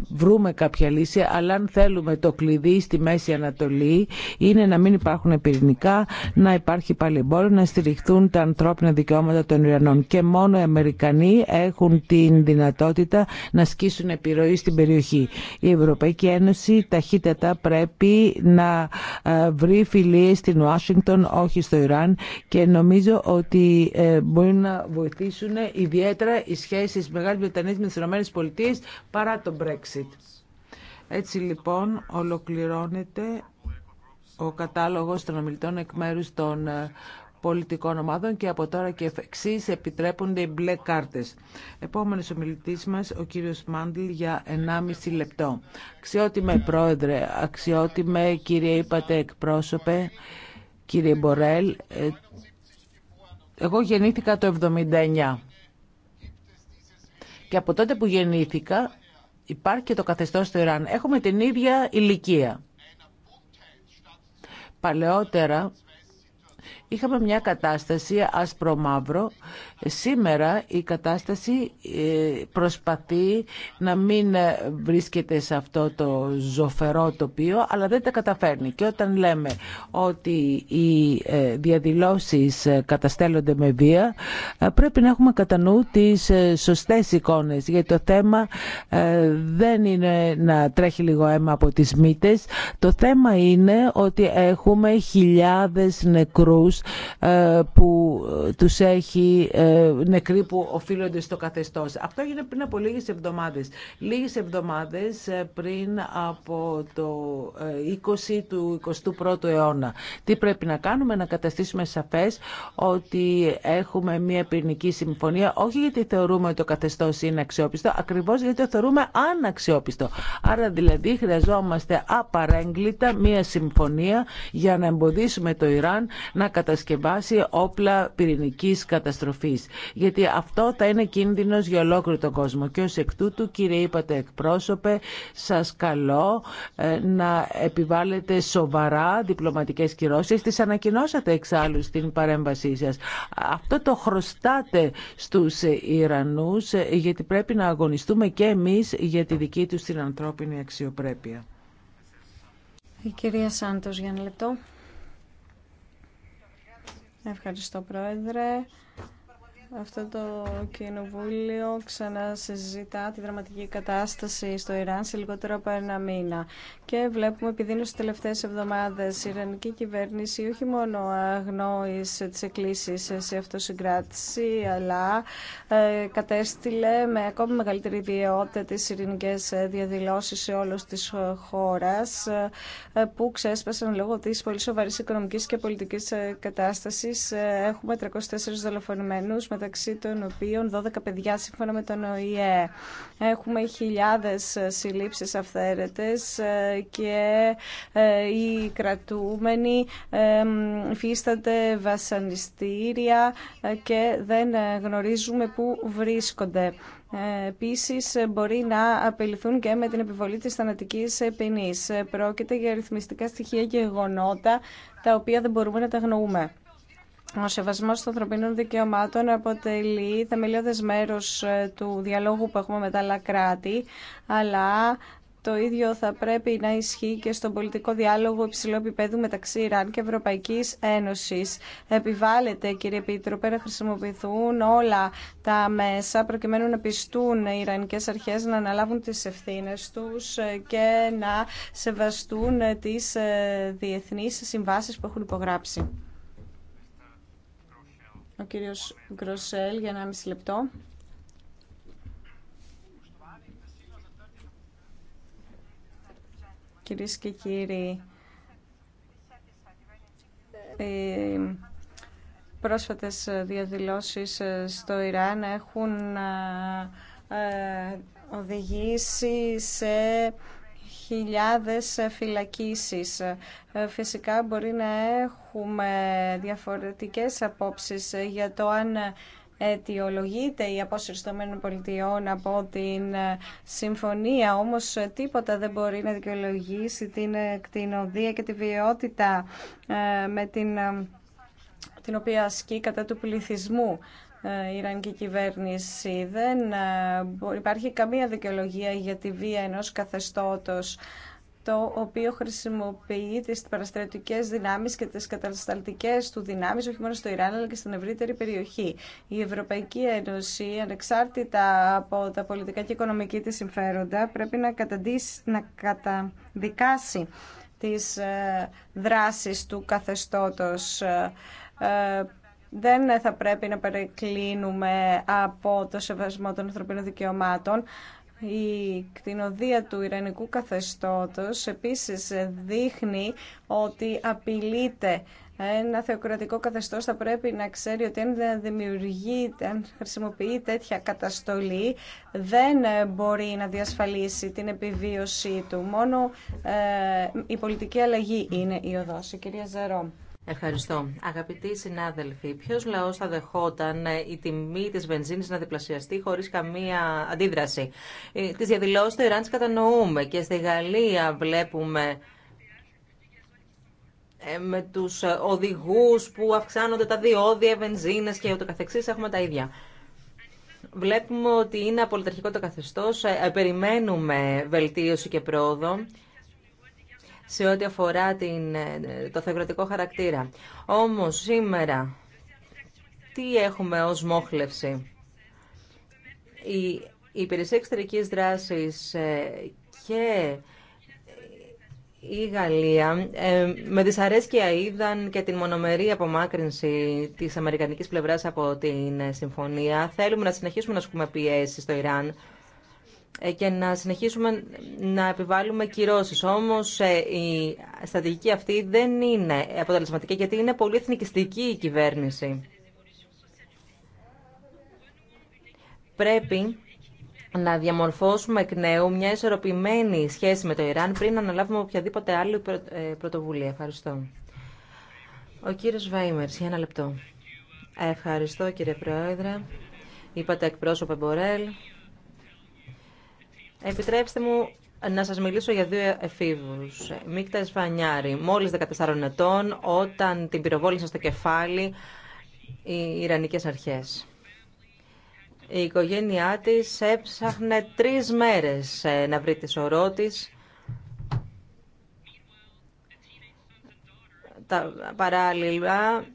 S2: βρούμε κάποια λύση, αλλά αν θέλουμε το κλειδί στη Μέση Ανατολή είναι να μην υπάρχει υπάρχουν πυρηνικά, να υπάρχει πάλι εμπόριο, να στηριχθούν τα ανθρώπινα δικαιώματα των Ιρανών. Και μόνο οι Αμερικανοί έχουν την δυνατότητα να σκίσουν επιρροή στην περιοχή. Η Ευρωπαϊκή Ένωση ταχύτατα πρέπει να ε, βρει φιλίε στην Ουάσιγκτον, όχι στο Ιράν και νομίζω ότι ε, μπορεί να βοηθήσουν ιδιαίτερα οι σχέσει Μεγάλη Βρετανία με τι ΗΠΑ παρά το Brexit. Έτσι λοιπόν ολοκληρώνεται ο κατάλογος των ομιλητών εκ μέρου των ε, πολιτικών ομάδων και από τώρα και εξή επιτρέπονται οι μπλε κάρτε. Επόμενο ομιλητής μα, ο κύριο Μάντλ, για 1,5 λεπτό. Αξιότιμε πρόεδρε, αξιότιμε κύριε είπατε εκπρόσωπε, κύριε Μπορέλ, ε, εγώ γεννήθηκα το 79. Και από τότε που γεννήθηκα υπάρχει και το καθεστώς στο Ιράν. Έχουμε την ίδια ηλικία. Παλαιότερα είχαμε μια κατάσταση άσπρο-μαύρο. Σήμερα η κατάσταση ε, προσπαθεί να μην ε, βρίσκεται σε αυτό το ζωφερό τοπίο, αλλά δεν τα καταφέρνει. Και όταν λέμε ότι οι ε, διαδηλώσεις καταστέλλονται με βία, πρέπει να έχουμε κατά νου τις σωστές εικόνες, γιατί το θέμα δεν είναι να τρέχει λίγο αίμα από τις μύτες. Το θέμα είναι ότι έχουμε χιλιάδες νεκρούς ε, που ε, τους έχει ε, νεκροί που οφείλονται στο καθεστώς. Αυτό έγινε πριν από λίγες εβδομάδες. Λίγες εβδομάδες πριν από το 20 του 21ου αιώνα. Τι πρέπει να κάνουμε, να καταστήσουμε σαφές ότι έχουμε μια πυρηνική συμφωνία, όχι γιατί θεωρούμε ότι το καθεστώς είναι αξιόπιστο, ακριβώς γιατί το θεωρούμε αναξιόπιστο. Άρα δηλαδή χρειαζόμαστε απαρέγκλητα μια συμφωνία για να εμποδίσουμε το Ιράν να καταστήσει κατασκευάσει όπλα πυρηνικής καταστροφής. Γιατί αυτό θα είναι κίνδυνος για ολόκληρο τον κόσμο. Και ω εκ τούτου, κύριε είπατε εκπρόσωπε, σας καλώ ε, να επιβάλλετε σοβαρά διπλωματικές κυρώσεις. Τις ανακοινώσατε εξάλλου στην παρέμβασή σα. Αυτό το χρωστάτε στους Ιρανούς, ε, γιατί πρέπει να αγωνιστούμε και εμείς για τη δική του την ανθρώπινη αξιοπρέπεια.
S1: Η κυρία Σάντος για ένα λεπτό. Ευχαριστώ, Πρόεδρε αυτό το κοινοβούλιο ξανά τη δραματική κατάσταση στο Ιράν σε λιγότερο από ένα μήνα. Και βλέπουμε επειδή είναι στις τελευταίες εβδομάδες. Η Ιρανική κυβέρνηση όχι μόνο αγνόησε τις εκκλήσεις σε αυτοσυγκράτηση, αλλά ε, κατέστηλε με ακόμη μεγαλύτερη ιδιαιότητα τις ειρηνικές ε, διαδηλώσεις σε όλος της χώρας, ε, που ξέσπασαν λόγω της πολύ σοβαρής οικονομικής και πολιτικής κατάστασης. Έχουμε 304 δολοφονημένους, μεταξύ των οποίων 12 παιδιά σύμφωνα με τον ΟΗΕ. Έχουμε χιλιάδες συλλήψεις αυθαίρετες ε, και ε, οι κρατούμενοι ε, υφίστανται βασανιστήρια και δεν γνωρίζουμε πού βρίσκονται. Επίση, μπορεί να απεληθούν και με την επιβολή τη θανατική ποινή. Πρόκειται για ρυθμιστικά στοιχεία και γεγονότα τα οποία δεν μπορούμε να τα γνωρούμε. Ο σεβασμό των ανθρωπίνων δικαιωμάτων αποτελεί θεμελιώδε μέρο ε, του διαλόγου που έχουμε με τα άλλα κράτη, αλλά το ίδιο θα πρέπει να ισχύει και στον πολιτικό διάλογο υψηλού επίπεδου μεταξύ Ιράν και Ευρωπαϊκή Ένωση. Επιβάλλεται, κύριε Επίτροπε, να χρησιμοποιηθούν όλα τα μέσα προκειμένου να πιστούν οι Ιρανικέ αρχέ να αναλάβουν τι ευθύνε του ε, και να σεβαστούν τι ε, διεθνεί συμβάσει που έχουν υπογράψει. Ο κύριος Γκροσέλ για ένα μισή λεπτό. Κυρίες και κύριοι, οι πρόσφατες διαδηλώσεις στο Ιράν έχουν ε, οδηγήσει σε χιλιάδες φυλακίσεις. Ε, φυσικά μπορεί να έχουμε διαφορετικές απόψεις για το αν αιτιολογείται η απόσυρση των από την ε, συμφωνία, όμως ε, τίποτα δεν μπορεί να δικαιολογήσει την κτηνοδία και τη βιαιότητα με την, την οποία ασκεί κατά του πληθυσμού. Ε, η Ιρανική κυβέρνηση. Δεν ε, υπάρχει καμία δικαιολογία για τη βία ενός καθεστώτος το οποίο χρησιμοποιεί τις παραστρατιωτικές δυνάμεις και τις κατασταλτικές του δυνάμεις, όχι μόνο στο Ιράν, αλλά και στην ευρύτερη περιοχή. Η Ευρωπαϊκή Ένωση, ανεξάρτητα από τα πολιτικά και οικονομική της συμφέροντα, πρέπει να, να καταδικάσει τις ε, δράσεις του καθεστώτος δεν θα πρέπει να περικλίνουμε από το σεβασμό των ανθρωπίνων δικαιωμάτων. Η κτηνοδία του Ιρανικού καθεστώτος επίσης δείχνει ότι απειλείται ένα θεοκρατικό καθεστώς θα πρέπει να ξέρει ότι αν δημιουργεί, αν χρησιμοποιεί τέτοια καταστολή δεν μπορεί να διασφαλίσει την επιβίωσή του. Μόνο ε, η πολιτική αλλαγή είναι η οδός. Η κυρία Ζερόμ. Ευχαριστώ. Αγαπητοί συνάδελφοι, ποιο λαό θα
S4: δεχόταν ε, η τιμή τη βενζίνη να διπλασιαστεί χωρί καμία αντίδραση. Ε, Τι διαδηλώσει του Ιράν κατανοούμε και στη Γαλλία βλέπουμε ε, με τους οδηγούς που αυξάνονται τα διόδια, βενζίνες και ούτω καθεξής, έχουμε τα ίδια. Βλέπουμε ότι είναι απολυταρχικό το καθεστώς, περιμένουμε βελτίωση και πρόοδο σε ό,τι αφορά την, ε, το θεωρητικό χαρακτήρα. Όμως σήμερα τι έχουμε ως μόχλευση. Η, η υπηρεσία εξωτερικής δράσης ε, και η Γαλλία ε, με δυσαρέσκεια είδαν και την μονομερή απομάκρυνση της αμερικανικής πλευράς από την συμφωνία. Θέλουμε να συνεχίσουμε να σκούμε πιέσει στο Ιράν ε, και να συνεχίσουμε να επιβάλλουμε κυρώσει. Όμως ε, η στρατηγική αυτή δεν είναι αποτελεσματική γιατί είναι πολύ εθνικιστική η κυβέρνηση. Πρέπει να διαμορφώσουμε εκ νέου μια ισορροπημένη σχέση με το Ιράν πριν να αναλάβουμε οποιαδήποτε άλλη ε, πρωτοβουλία. Ευχαριστώ. Ο κύριος Βάιμερς, για ένα λεπτό. Ευχαριστώ κύριε Πρόεδρε. Είπατε εκπρόσωπε Μπορέλ. Επιτρέψτε μου να σας μιλήσω για δύο εφήβους. Μίκτα Σφανιάρη, μόλις 14 ετών, όταν την πυροβόλησαν στο κεφάλι οι Ιρανικές αρχές. Η οικογένειά της έψαχνε τρεις μέρες ε, να βρει τη σωρό της. Τα παράλληλα,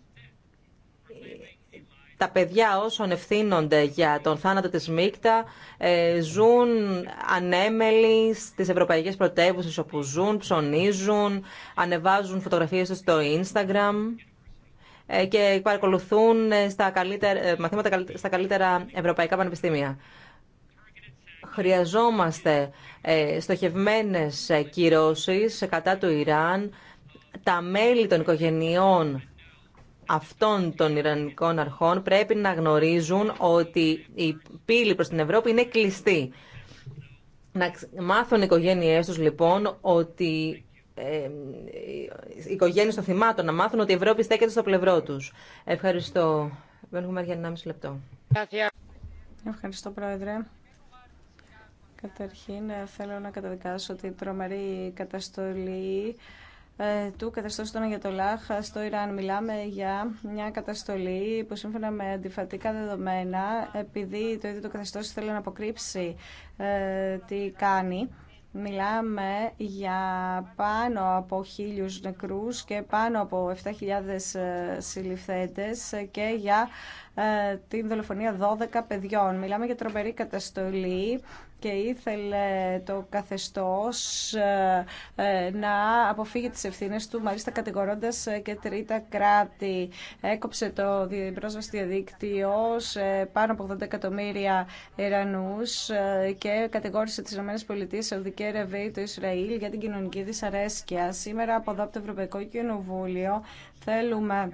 S4: τα παιδιά όσων ευθύνονται για τον θάνατο της Μίκτα ε, ζουν ανέμελοι στις ευρωπαϊκές πρωτεύουσες όπου ζουν, ψωνίζουν, ανεβάζουν φωτογραφίες τους στο Instagram ε, και παρακολουθούν ε, στα καλύτερα, μαθήματα στα καλύτερα ευρωπαϊκά πανεπιστήμια. Χρειαζόμαστε στοχευμένες κυρώσεις κατά του Ιράν, τα μέλη των οικογενειών αυτών των Ιρανικών αρχών πρέπει να γνωρίζουν ότι η πύλη προς την Ευρώπη είναι κλειστή. Να μάθουν οι οικογένειές τους λοιπόν ότι ε, οι οικογένειες των θυμάτων να μάθουν ότι η Ευρώπη στέκεται στο πλευρό τους. Ευχαριστώ. έχουμε για 1,5 λεπτό.
S1: Ευχαριστώ Πρόεδρε. Καταρχήν ε, θέλω να καταδικάσω την τρομερή καταστολή ε, του καθεστώς των Αγιατολάχ στο Ιράν. Μιλάμε για μια καταστολή που σύμφωνα με αντιφατικά δεδομένα, επειδή το ίδιο το καθεστώς θέλει να αποκρύψει ε, τι κάνει, Μιλάμε για πάνω από χίλιους νεκρούς και πάνω από 7.000 ε, συλληφθέντες και για ε, την δολοφονία 12 παιδιών. Μιλάμε για τρομερή καταστολή και ήθελε το καθεστώς ε, ε, να αποφύγει τις ευθύνες του, μάλιστα κατηγορώντας και τρίτα κράτη. Έκοψε το πρόσβαση διαδίκτυο σε πάνω από 80 εκατομμύρια Ιρανούς και κατηγόρησε τις ΗΠΑ, Σαουδική Αραβία, το Ισραήλ για την κοινωνική δυσαρέσκεια. Σήμερα από εδώ από το Ευρωπαϊκό Κοινοβούλιο θέλουμε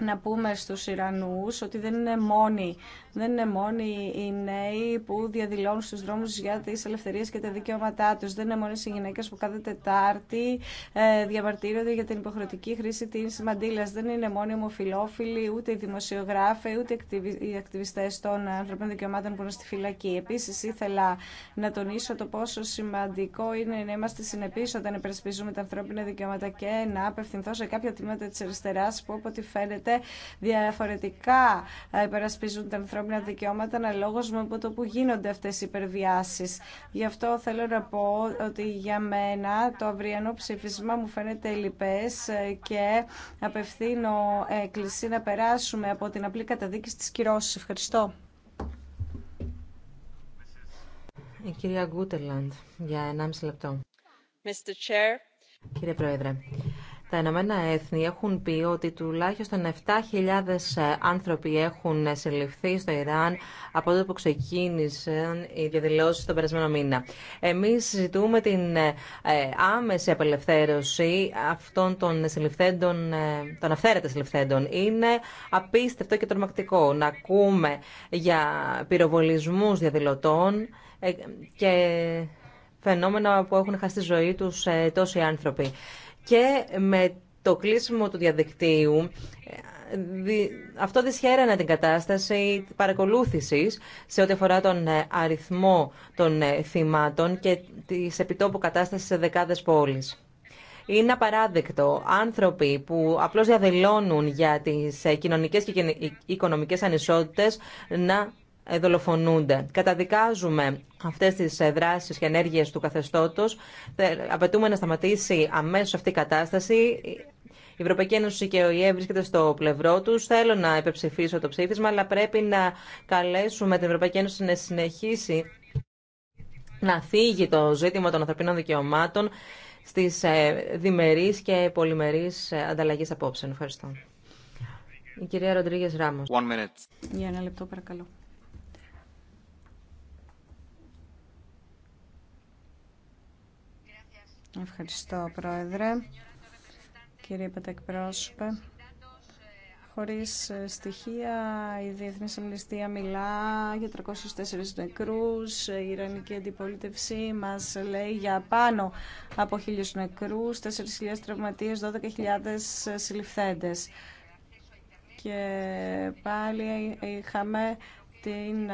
S1: να πούμε στους Ιρανούς ότι δεν είναι μόνοι δεν είναι μόνοι οι νέοι που διαδηλώνουν στους δρόμους για τις ελευθερίες και τα δικαιώματά τους. Δεν είναι μόνο οι γυναίκες που κάθε Τετάρτη ε, διαμαρτύρονται για την υποχρεωτική χρήση της μαντήλας. Δεν είναι μόνο οι ομοφιλόφιλοι, ούτε οι δημοσιογράφοι, ούτε οι ακτιβιστές των ανθρωπίνων δικαιωμάτων που είναι στη φυλακή. Επίσης ήθελα να τονίσω το πόσο σημαντικό είναι να είμαστε συνεπείς όταν υπερασπίζουμε τα ανθρώπινα δικαιώματα και να απευθυνθώ σε κάποια τμήματα της αριστεράς που από ό,τι φαίνεται διαφορετικά ε, υπερασπίζουν τα ανθρώπινα ανθρώπινα δικαιώματα αναλόγως με το που γίνονται αυτές οι υπερβιάσεις. Γι' αυτό θέλω να πω ότι για μένα το αυριανό ψήφισμα μου φαίνεται λυπές και απευθύνω έκκληση να περάσουμε από την απλή καταδίκη στις κυρώσεις. Ευχαριστώ. Η κυρία
S4: Γκούτελαντ, για 1,5 λεπτό. Κύριε Πρόεδρε, τα Ηνωμένα Έθνη έχουν πει ότι τουλάχιστον 7.000 ε, άνθρωποι έχουν ε, συλληφθεί στο Ιράν από τότε που ξεκίνησαν οι διαδηλώσει τον περασμένο μήνα. Εμείς ζητούμε την ε, άμεση απελευθέρωση αυτών των συλληφθέντων, των συλληφθέντων. Είναι απίστευτο και τρομακτικό να ακούμε για πυροβολισμού διαδηλωτών και φαινόμενα που έχουν χάσει τη ζωή τους τόσοι άνθρωποι και με το κλείσιμο του διαδικτύου ε, αυτό να την κατάσταση παρακολούθησης σε ό,τι αφορά τον ε, αριθμό των ε, θυμάτων και της επιτόπου κατάστασης σε δεκάδες πόλεις. Είναι απαράδεκτο άνθρωποι που απλώς διαδηλώνουν για τις κοινωνικές και οικονομικές ανισότητες να ε, δολοφονούνται. Καταδικάζουμε αυτές τις ε, δράσεις και ενέργειες του καθεστώτος. Απαιτούμε να σταματήσει αμέσως αυτή η κατάσταση. Η Ευρωπαϊκή Ένωση και ο ΙΕ βρίσκεται στο πλευρό του. Θέλω να υπεψηφίσω το ψήφισμα, αλλά πρέπει να καλέσουμε την Ευρωπαϊκή Ένωση να συνεχίσει να θίγει το ζήτημα των ανθρωπίνων δικαιωμάτων στι ε, διμερεί και πολυμερεί ανταλλαγές απόψεων. Ευχαριστώ. Η κυρία Ροντρίγε Ράμο.
S1: Για ένα λεπτό παρακαλώ. Ευχαριστώ, Πρόεδρε. Κύριε Πατεκπρόσωπε, χωρίς ε, στοιχεία η διεθνή Αμνηστία μιλά για 304 νεκρούς, ε, η Ιρανική Αντιπολίτευση μας λέει για πάνω από 1.000 νεκρούς, 4.000 τραυματίες, 12.000 ε, συλληφθέντες. Και πάλι είχαμε την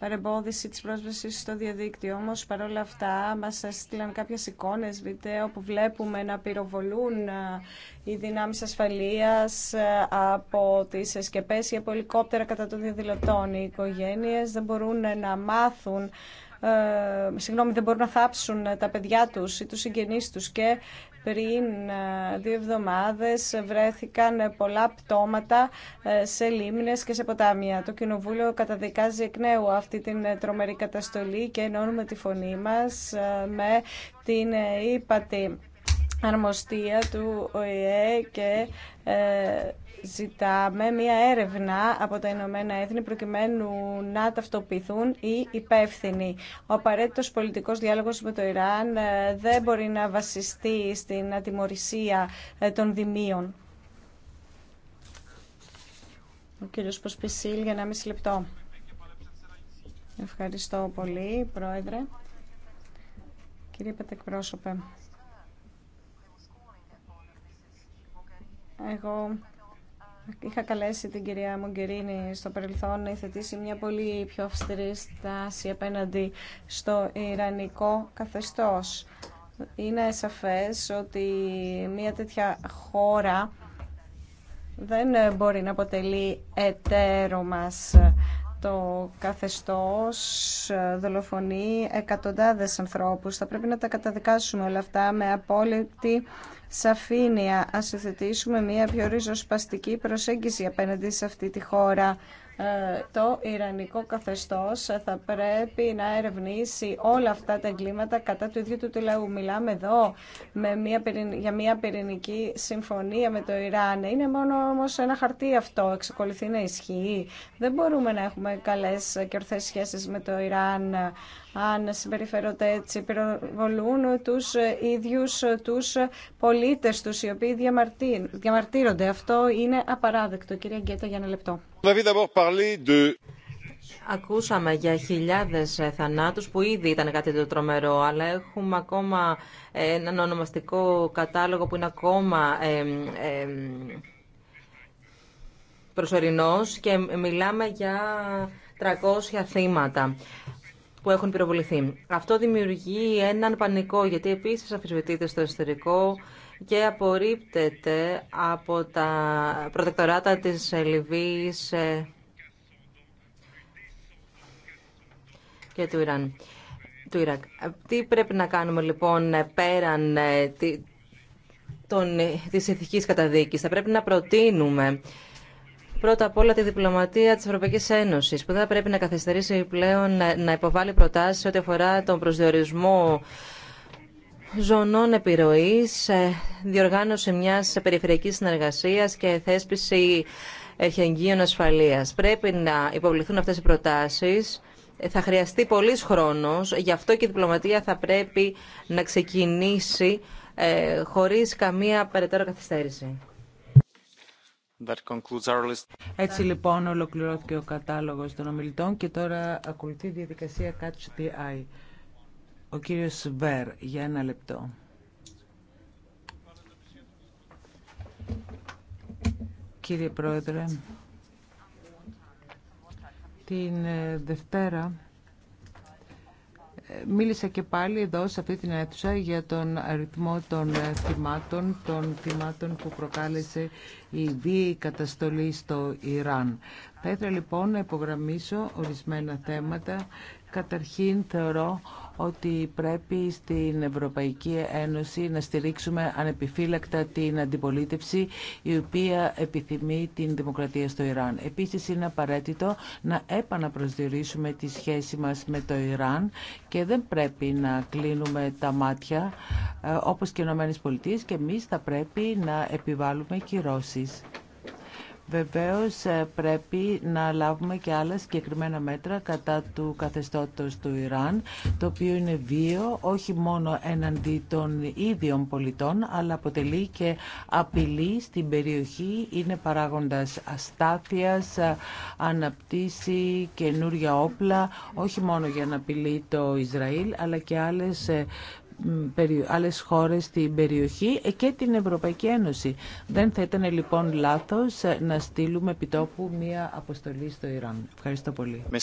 S1: παρεμπόδιση της πρόσβασης στο διαδίκτυο. Όμως παρόλα αυτά μας στείλαν κάποιες εικόνες, βίντεο που βλέπουμε να πυροβολούν ε, οι δυνάμεις ασφαλείας ε, από τις εσκεπές, ή από ελικόπτερα κατά των διαδηλωτών. Οι οικογένειες δεν μπορούν να μάθουν ε, συγγνώμη, δεν μπορούν να θάψουν τα παιδιά τους ή τους συγγενείς τους και πριν ε, δύο εβδομάδες βρέθηκαν πολλά πτώματα ε, σε λίμνες και σε ποτάμια. Το Κοινοβούλιο καταδικάζει εκ νέου αυτή την ε, τρομερή καταστολή και ενώνουμε τη φωνή μας με την ύπατη αρμοστία του ΟΗΕ και ε, ζητάμε μία έρευνα από τα Ηνωμένα Έθνη προκειμένου να ταυτοποιηθούν οι υπεύθυνοι. Ο απαραίτητος πολιτικός διάλογος με το Ιράν ε, δεν μπορεί να βασιστεί στην ατιμορρησία ε, των δημίων. Ο κύριος Ποσπισίλ για ένα μισή λεπτό. Ευχαριστώ πολύ, Πρόεδρε. Κύριε Πατεκπρόσωπε. Εγώ είχα καλέσει την κυρία Μογκερίνη στο παρελθόν να υθετήσει μια πολύ πιο αυστηρή στάση απέναντι στο Ιρανικό καθεστώς. Είναι σαφές ότι μια τέτοια χώρα δεν μπορεί να αποτελεί εταίρο μας το καθεστώς ε, δολοφονεί εκατοντάδες ανθρώπους. Θα πρέπει να τα καταδικάσουμε όλα αυτά με απόλυτη σαφήνεια. Ας υιοθετήσουμε μια πιο ριζοσπαστική προσέγγιση απέναντι σε αυτή τη χώρα ε, το Ιρανικό καθεστώς θα πρέπει να ερευνήσει όλα αυτά τα εγκλήματα κατά του ίδιου του, του λαού. Μιλάμε εδώ με μια, για μια πυρηνική συμφωνία με το Ιράν. Είναι μόνο όμως ένα χαρτί αυτό, εξακολουθεί να ισχύει. Δεν μπορούμε να έχουμε καλές και ορθές σχέσεις με το Ιράν αν συμπεριφέρονται έτσι, πυροβολούν τους ίδιους τους πολίτες τους, οι οποίοι διαμαρτύρονται. Αυτό είναι απαράδεκτο. Κυρία Γκέτα, για ένα λεπτό.
S4: Ακούσαμε για χιλιάδες θανάτους που ήδη ήταν κάτι το τρομερό, αλλά έχουμε ακόμα έναν ονομαστικό κατάλογο που είναι ακόμα προσωρινός και μιλάμε για 300 θύματα που έχουν πυροβοληθεί. Αυτό δημιουργεί έναν πανικό, γιατί επίσης αφισβητείται στο εσωτερικό και απορρίπτεται από τα προτεκτοράτα της Λιβύης ε, και του Ιράν. Του Ιρακ. Ε, τι πρέπει να κάνουμε λοιπόν ε, πέραν των, της ηθικής καταδίκης. Θα πρέπει να προτείνουμε Πρώτα απ' όλα τη διπλωματία τη Ευρωπαϊκή Ένωση, που δεν θα πρέπει να καθυστερήσει πλέον να υποβάλει προτάσει ό,τι αφορά τον προσδιορισμό ζωνών επιρροή, ε, διοργάνωση μια περιφερειακή συνεργασία και θέσπιση εχεγγύων ασφαλεία. Πρέπει να υποβληθούν αυτέ οι προτάσει. Θα χρειαστεί πολλή χρόνο, γι' αυτό και η διπλωματία θα πρέπει να ξεκινήσει ε, χωρίς καμία
S2: περαιτέρω καθυστέρηση. Έτσι λοιπόν ολοκληρώθηκε ο κατάλογος των ομιλητών και τώρα ακολουθεί η διαδικασία Catch the Eye. Ο κύριος Βέρ, για ένα λεπτό. Κύριε Πρόεδρε, την ε, Δευτέρα Μίλησα και πάλι εδώ σε αυτή την αίθουσα για τον αριθμό των ε, θυμάτων, των θυμάτων που προκάλεσε η βίαιη καταστολή στο Ιράν. Θα ήθελα λοιπόν να υπογραμμίσω ορισμένα θέματα. Καταρχήν θεωρώ ότι πρέπει στην Ευρωπαϊκή Ένωση να στηρίξουμε ανεπιφύλακτα την αντιπολίτευση η οποία επιθυμεί την δημοκρατία στο Ιράν. Επίσης είναι απαραίτητο να επαναπροσδιορίσουμε τη σχέση μας με το Ιράν και δεν πρέπει να κλείνουμε τα μάτια ε, όπως και οι ΗΠΑ και εμείς θα πρέπει να επιβάλλουμε κυρώσεις. Βεβαίως ε, πρέπει να λάβουμε και άλλα συγκεκριμένα μέτρα κατά του καθεστώτος του Ιράν, το οποίο είναι βίο όχι μόνο εναντί των ίδιων πολιτών, αλλά αποτελεί και απειλή στην περιοχή, είναι παράγοντας αστάθειας, ε, αναπτύσσει καινούρια όπλα, όχι μόνο για να απειλεί το Ισραήλ, αλλά και άλλες ε, άλλες χώρες στην περιοχή και την Ευρωπαϊκή Ένωση. Δεν θα ήταν λοιπόν λάθος ε, να στείλουμε επιτόπου μία αποστολή στο Ιράν. Ευχαριστώ πολύ.
S3: Ε,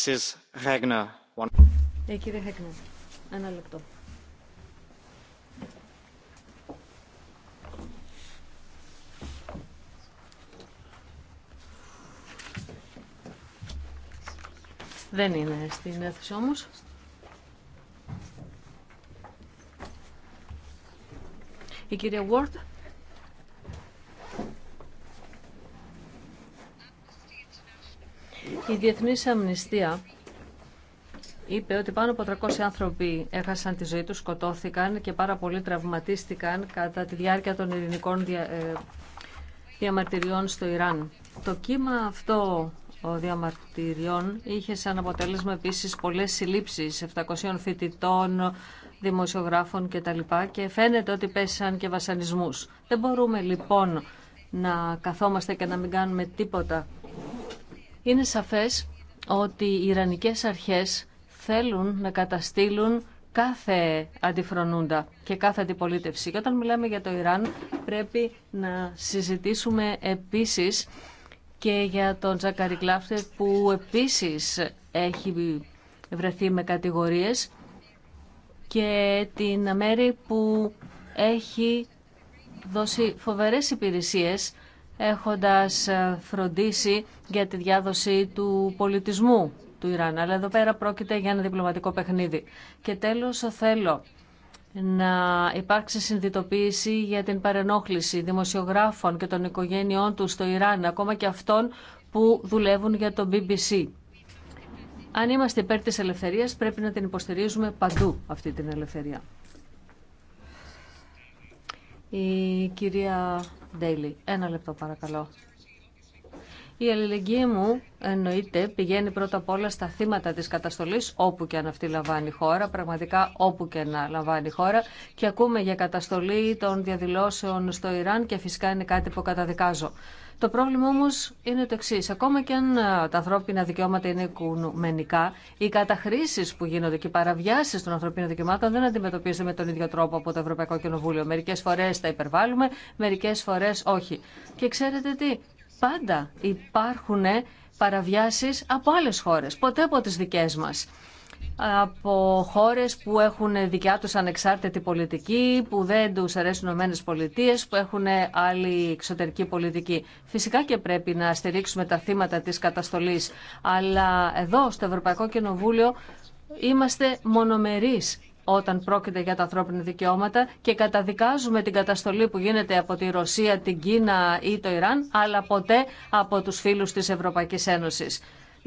S5: Δεν είναι στην αίθουσα όμως. Η κυρία Ward. Η Διεθνής Αμνηστία είπε ότι πάνω από 300 άνθρωποι έχασαν τη ζωή τους, σκοτώθηκαν και πάρα πολλοί τραυματίστηκαν κατά τη διάρκεια των ειρηνικών ε, διαμαρτυριών στο Ιράν. Το κύμα αυτό διαμαρτυριών είχε σαν αποτέλεσμα επίσης πολλές συλλήψεις 700 φοιτητών, δημοσιογράφων κτλ. Και, τα λοιπά και φαίνεται ότι πέσαν και βασανισμούς. Δεν μπορούμε λοιπόν να καθόμαστε και να μην κάνουμε τίποτα. Είναι σαφές ότι οι Ιρανικές αρχές θέλουν να καταστήλουν κάθε αντιφρονούντα και κάθε αντιπολίτευση. Και όταν μιλάμε για το Ιράν πρέπει να συζητήσουμε επίσης και για τον Τζακαρικλάφτε που επίσης έχει βρεθεί με κατηγορίες και την μέρη που έχει δώσει φοβερές υπηρεσίες έχοντας ε, φροντίσει για τη διάδοση του πολιτισμού του Ιράν. Αλλά εδώ πέρα πρόκειται για ένα διπλωματικό παιχνίδι. Και τέλος θέλω να υπάρξει συνδυτοποίηση για την παρενόχληση δημοσιογράφων και των οικογένειών τους στο Ιράν, ακόμα και αυτών που δουλεύουν για το BBC. Αν είμαστε υπέρ της ελευθερίας πρέπει να την υποστηρίζουμε παντού αυτή την ελευθερία. Η κυρία Ντέιλι, ένα λεπτό παρακαλώ. Η αλληλεγγύη μου εννοείται πηγαίνει πρώτα απ' όλα στα θύματα της καταστολής όπου και αν αυτή λαμβάνει η χώρα, πραγματικά όπου και να λαμβάνει η χώρα και ακούμε για καταστολή των διαδηλώσεων στο Ιράν και φυσικά είναι κάτι που καταδικάζω. Το πρόβλημα όμως είναι το εξή. Ακόμα και αν ε, τα ανθρώπινα δικαιώματα είναι οικουμενικά, οι καταχρήσει που γίνονται και οι παραβιάσεις των ανθρωπίνων δικαιωμάτων δεν αντιμετωπίζονται με τον ίδιο τρόπο από το Ευρωπαϊκό Κοινοβούλιο. Μερικές φορές τα υπερβάλλουμε, μερικές φορές όχι. Και ξέρετε τι, πάντα υπάρχουν παραβιάσεις από άλλες χώρες, ποτέ από τις δικές μας από χώρες που έχουν δικιά τους ανεξάρτητη πολιτική, που δεν τους αρέσουν οι Ηνωμένες που έχουν άλλη εξωτερική πολιτική. Φυσικά και πρέπει να στηρίξουμε τα θύματα της καταστολής, αλλά εδώ στο Ευρωπαϊκό Κοινοβούλιο είμαστε μονομερείς όταν πρόκειται για τα ανθρώπινα δικαιώματα και καταδικάζουμε την καταστολή που γίνεται από τη Ρωσία, την Κίνα ή το Ιράν, αλλά ποτέ από τους φίλους της Ευρωπαϊκής Ένωσης.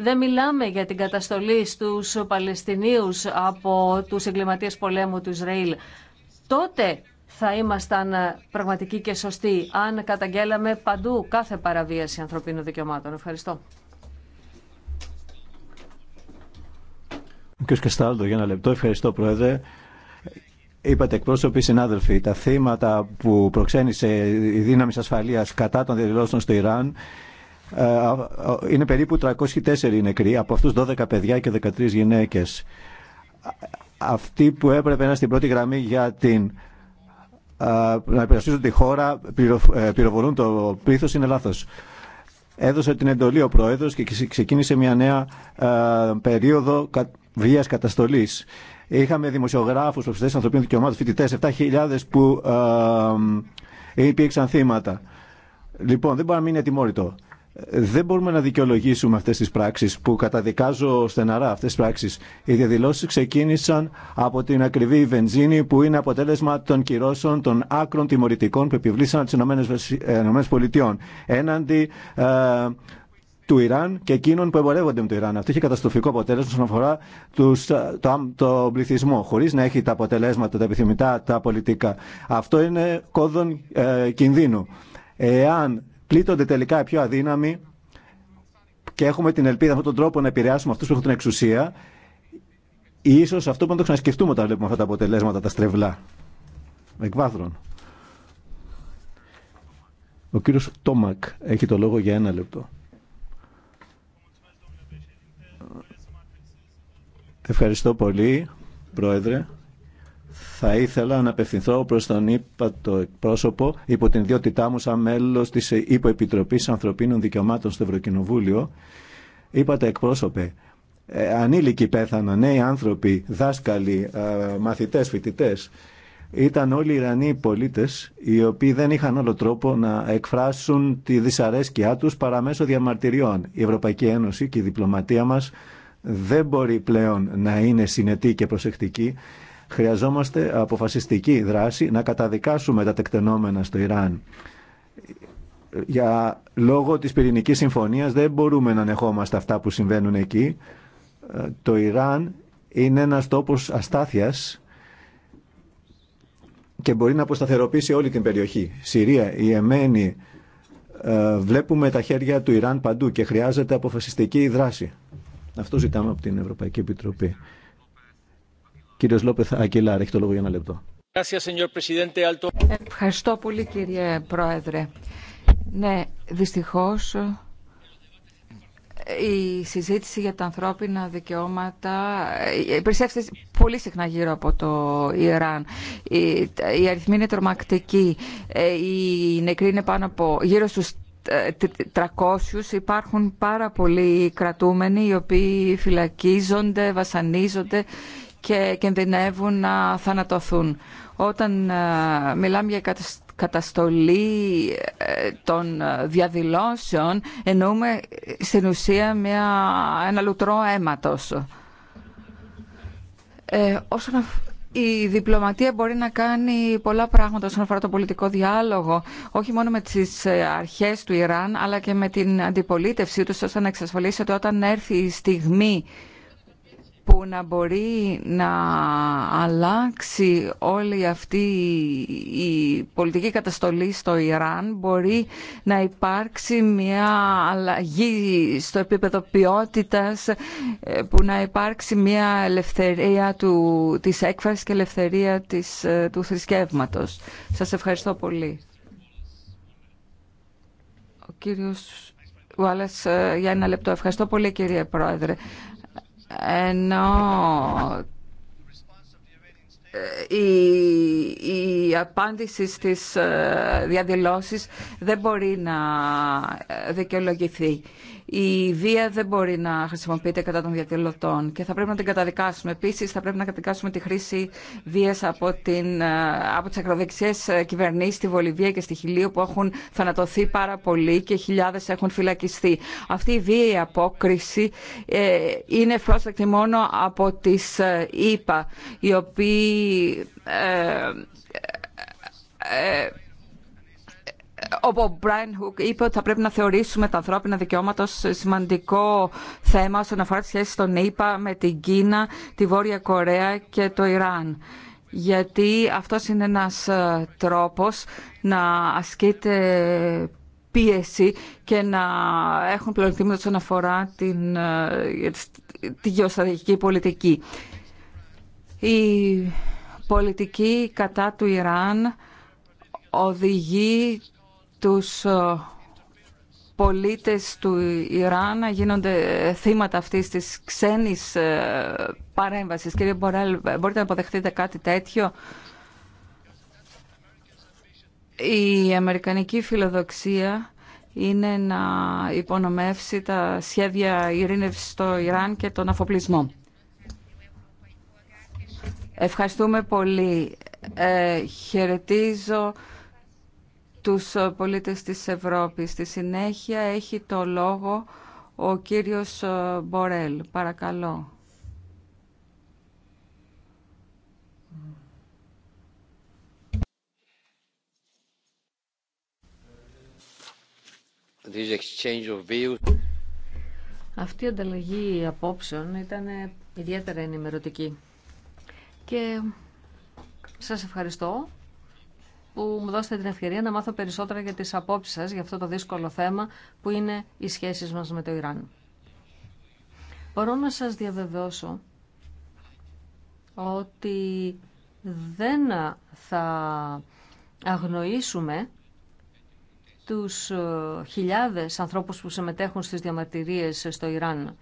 S5: Δεν μιλάμε για την καταστολή στους Παλαιστινίους από τους εγκληματίες πολέμου του Ισραήλ. Τότε θα ήμασταν πραγματικοί και σωστοί αν καταγγέλαμε παντού κάθε παραβίαση ανθρωπίνων δικαιωμάτων. Ευχαριστώ.
S3: Ο κ. Καστάλτο, για ένα λεπτό. Ευχαριστώ, Πρόεδρε. Είπατε εκπρόσωποι, συνάδελφοι, τα θύματα που προξένησε η δύναμη ασφαλείας κατά των διαδηλώσεων στο Ιράν ε, είναι περίπου 304 νεκροί, από αυτούς 12 παιδιά και 13 γυναίκες. Αυτοί που έπρεπε να είναι στην πρώτη γραμμή για την να υπερασπίζουν τη χώρα, ε, πυροβολούν το πλήθος, είναι λάθος. Έδωσε την εντολή ο Πρόεδρος και ξεκίνησε μια νέα ε, περίοδο βίας καταστολής. Είχαμε δημοσιογράφους, προσφυγέ ανθρωπίνων δικαιωμάτων, φοιτητές, 7.000 που υπήρξαν θύματα. Λοιπόν, δεν μπορεί να μείνει ατιμόρυτο δεν μπορούμε να δικαιολογήσουμε αυτές τις πράξεις που καταδικάζω στεναρά αυτές τις πράξεις. Οι διαδηλώσεις ξεκίνησαν από την ακριβή βενζίνη που είναι αποτέλεσμα των κυρώσεων των άκρων τιμωρητικών που επιβλήσαν τις ΗΠΑ ε, έναντι ε, του Ιράν και εκείνων που εμπορεύονται με το Ιράν. Αυτό είχε καταστροφικό αποτέλεσμα όσον αφορά τους, ε, το, το πληθυσμό, χωρί να έχει τα αποτελέσματα, τα επιθυμητά, τα πολιτικά. Αυτό είναι κόδων ε, κινδύνου. Εάν πλήττονται τελικά οι πιο αδύναμοι και έχουμε την ελπίδα αυτόν τον τρόπο να επηρεάσουμε αυτού που έχουν την εξουσία. σω αυτό πρέπει να το ξανασκεφτούμε όταν βλέπουμε αυτά τα αποτελέσματα, τα στρεβλά. Εκβάθρων. Ο κύριο Τόμακ έχει το λόγο για ένα λεπτό. Ευχαριστώ πολύ, Πρόεδρε θα ήθελα να απευθυνθώ προς τον το εκπρόσωπο υπό την ιδιότητά μου σαν μέλος της Υποεπιτροπής Ανθρωπίνων Δικαιωμάτων στο Ευρωκοινοβούλιο. Είπατε εκπρόσωπε, ε, ανήλικοι πέθαναν, νέοι άνθρωποι, δάσκαλοι, ε, μαθητές, φοιτητές. Ήταν όλοι Ιρανοί πολίτες οι οποίοι δεν είχαν άλλο τρόπο να εκφράσουν τη δυσαρέσκειά τους παρά μέσω διαμαρτυριών. Η Ευρωπαϊκή Ένωση και η διπλωματία μας δεν μπορεί πλέον να είναι συνετή και προσεκτική Χρειαζόμαστε αποφασιστική δράση να καταδικάσουμε τα τεκτενόμενα στο Ιράν. Για λόγω της πυρηνικής συμφωνίας δεν μπορούμε να ανεχόμαστε αυτά που συμβαίνουν εκεί. Το Ιράν είναι ένας τόπος αστάθειας και μπορεί να αποσταθεροποιήσει όλη την περιοχή. Συρία, η Εμένη, ε, βλέπουμε τα χέρια του Ιράν παντού και χρειάζεται αποφασιστική δράση. Αυτό ζητάμε από την Ευρωπαϊκή Επιτροπή. Κύριο Λόπεθ Ακελάρ, έχει το λόγο για ένα λεπτό.
S6: Ευχαριστώ πολύ κύριε Πρόεδρε. Ναι, δυστυχώς η συζήτηση για τα ανθρώπινα δικαιώματα ε, περισσεύεται πολύ συχνά γύρω από το Ιράν. Η αριθμοί είναι τρομακτικοί. Ε, οι νεκροί είναι πάνω από γύρω στους 300 ε, υπάρχουν πάρα πολλοί κρατούμενοι οι οποίοι φυλακίζονται, βασανίζονται και κινδυνεύουν να θανατωθούν. Όταν ε, μιλάμε για καταστολή ε, των ε, διαδηλώσεων, εννοούμε στην ουσία μια, ένα λουτρό αίματος. Ε, όσον η διπλωματία μπορεί να κάνει πολλά πράγματα όσον αφορά το πολιτικό διάλογο, όχι μόνο με τις αρχές του Ιράν, αλλά και με την αντιπολίτευση του, ώστε να εξασφαλίσει ότι όταν έρθει η στιγμή που να μπορεί να αλλάξει όλη αυτή η πολιτική καταστολή στο Ιράν μπορεί να υπάρξει μια αλλαγή στο επίπεδο ποιότητας ε, που να υπάρξει μια ελευθερία του, της έκφρασης και ελευθερία της, ε, του θρησκεύματος. Σας ευχαριστώ πολύ. Ο κύριος Γουάλλας ε, για ένα λεπτό. Ευχαριστώ πολύ κύριε Πρόεδρε ενώ ε, η, η απάντηση στις ε, διαδηλώσεις δεν μπορεί να ε, δικαιολογηθεί η βία δεν μπορεί να χρησιμοποιείται κατά των διαδηλωτών και θα πρέπει να την καταδικάσουμε. Επίση, θα πρέπει να καταδικάσουμε τη χρήση βία από, την, από τι ακροδεξιέ κυβερνήσει στη Βολιβία και στη Χιλίου που έχουν θανατωθεί πάρα πολλοί και χιλιάδε έχουν φυλακιστεί. Αυτή η βία η απόκριση ε, είναι ευπρόσδεκτη μόνο από τι ε, ΗΠΑ, οι οποίοι. Ε, όπου ο Μπράιν Χουκ είπε ότι θα πρέπει να θεωρήσουμε τα ανθρώπινα δικαιώματα ως σημαντικό θέμα όσον αφορά τη σχέση των ΗΠΑ με την Κίνα, τη Βόρεια Κορέα και το Ιράν. Γιατί αυτό είναι ένας ε, τρόπος να ασκείται πίεση και να έχουν πλεονεκτήματα όσον αφορά την, ε, τη γεωστρατηγική πολιτική. Η πολιτική κατά του Ιράν οδηγεί τους ε, πολίτες του Ιράν να γίνονται θύματα αυτής της ξένης ε, παρέμβασης. Κύριε Μπορέλ, μπορείτε να αποδεχτείτε κάτι τέτοιο. Η αμερικανική φιλοδοξία είναι να υπονομεύσει τα σχέδια ειρήνευσης στο Ιράν και τον αφοπλισμό. Ευχαριστούμε πολύ. Ε, χαιρετίζω τους πολίτες της Ευρώπης. Στη συνέχεια έχει το λόγο ο κύριος Μπορέλ. Παρακαλώ.
S5: exchange of Αυτή η ανταλλαγή απόψεων ήταν ιδιαίτερα ενημερωτική. Και σας ευχαριστώ που μου δώσετε την ευκαιρία να μάθω περισσότερα για τις απόψεις σας για αυτό το δύσκολο θέμα που είναι οι σχέσεις μας με το Ιράν. Μπορώ να σας διαβεβαιώσω ότι δεν θα αγνοήσουμε τους ε, χιλιάδες ανθρώπους που συμμετέχουν στις διαμαρτυρίες στο Ιράν.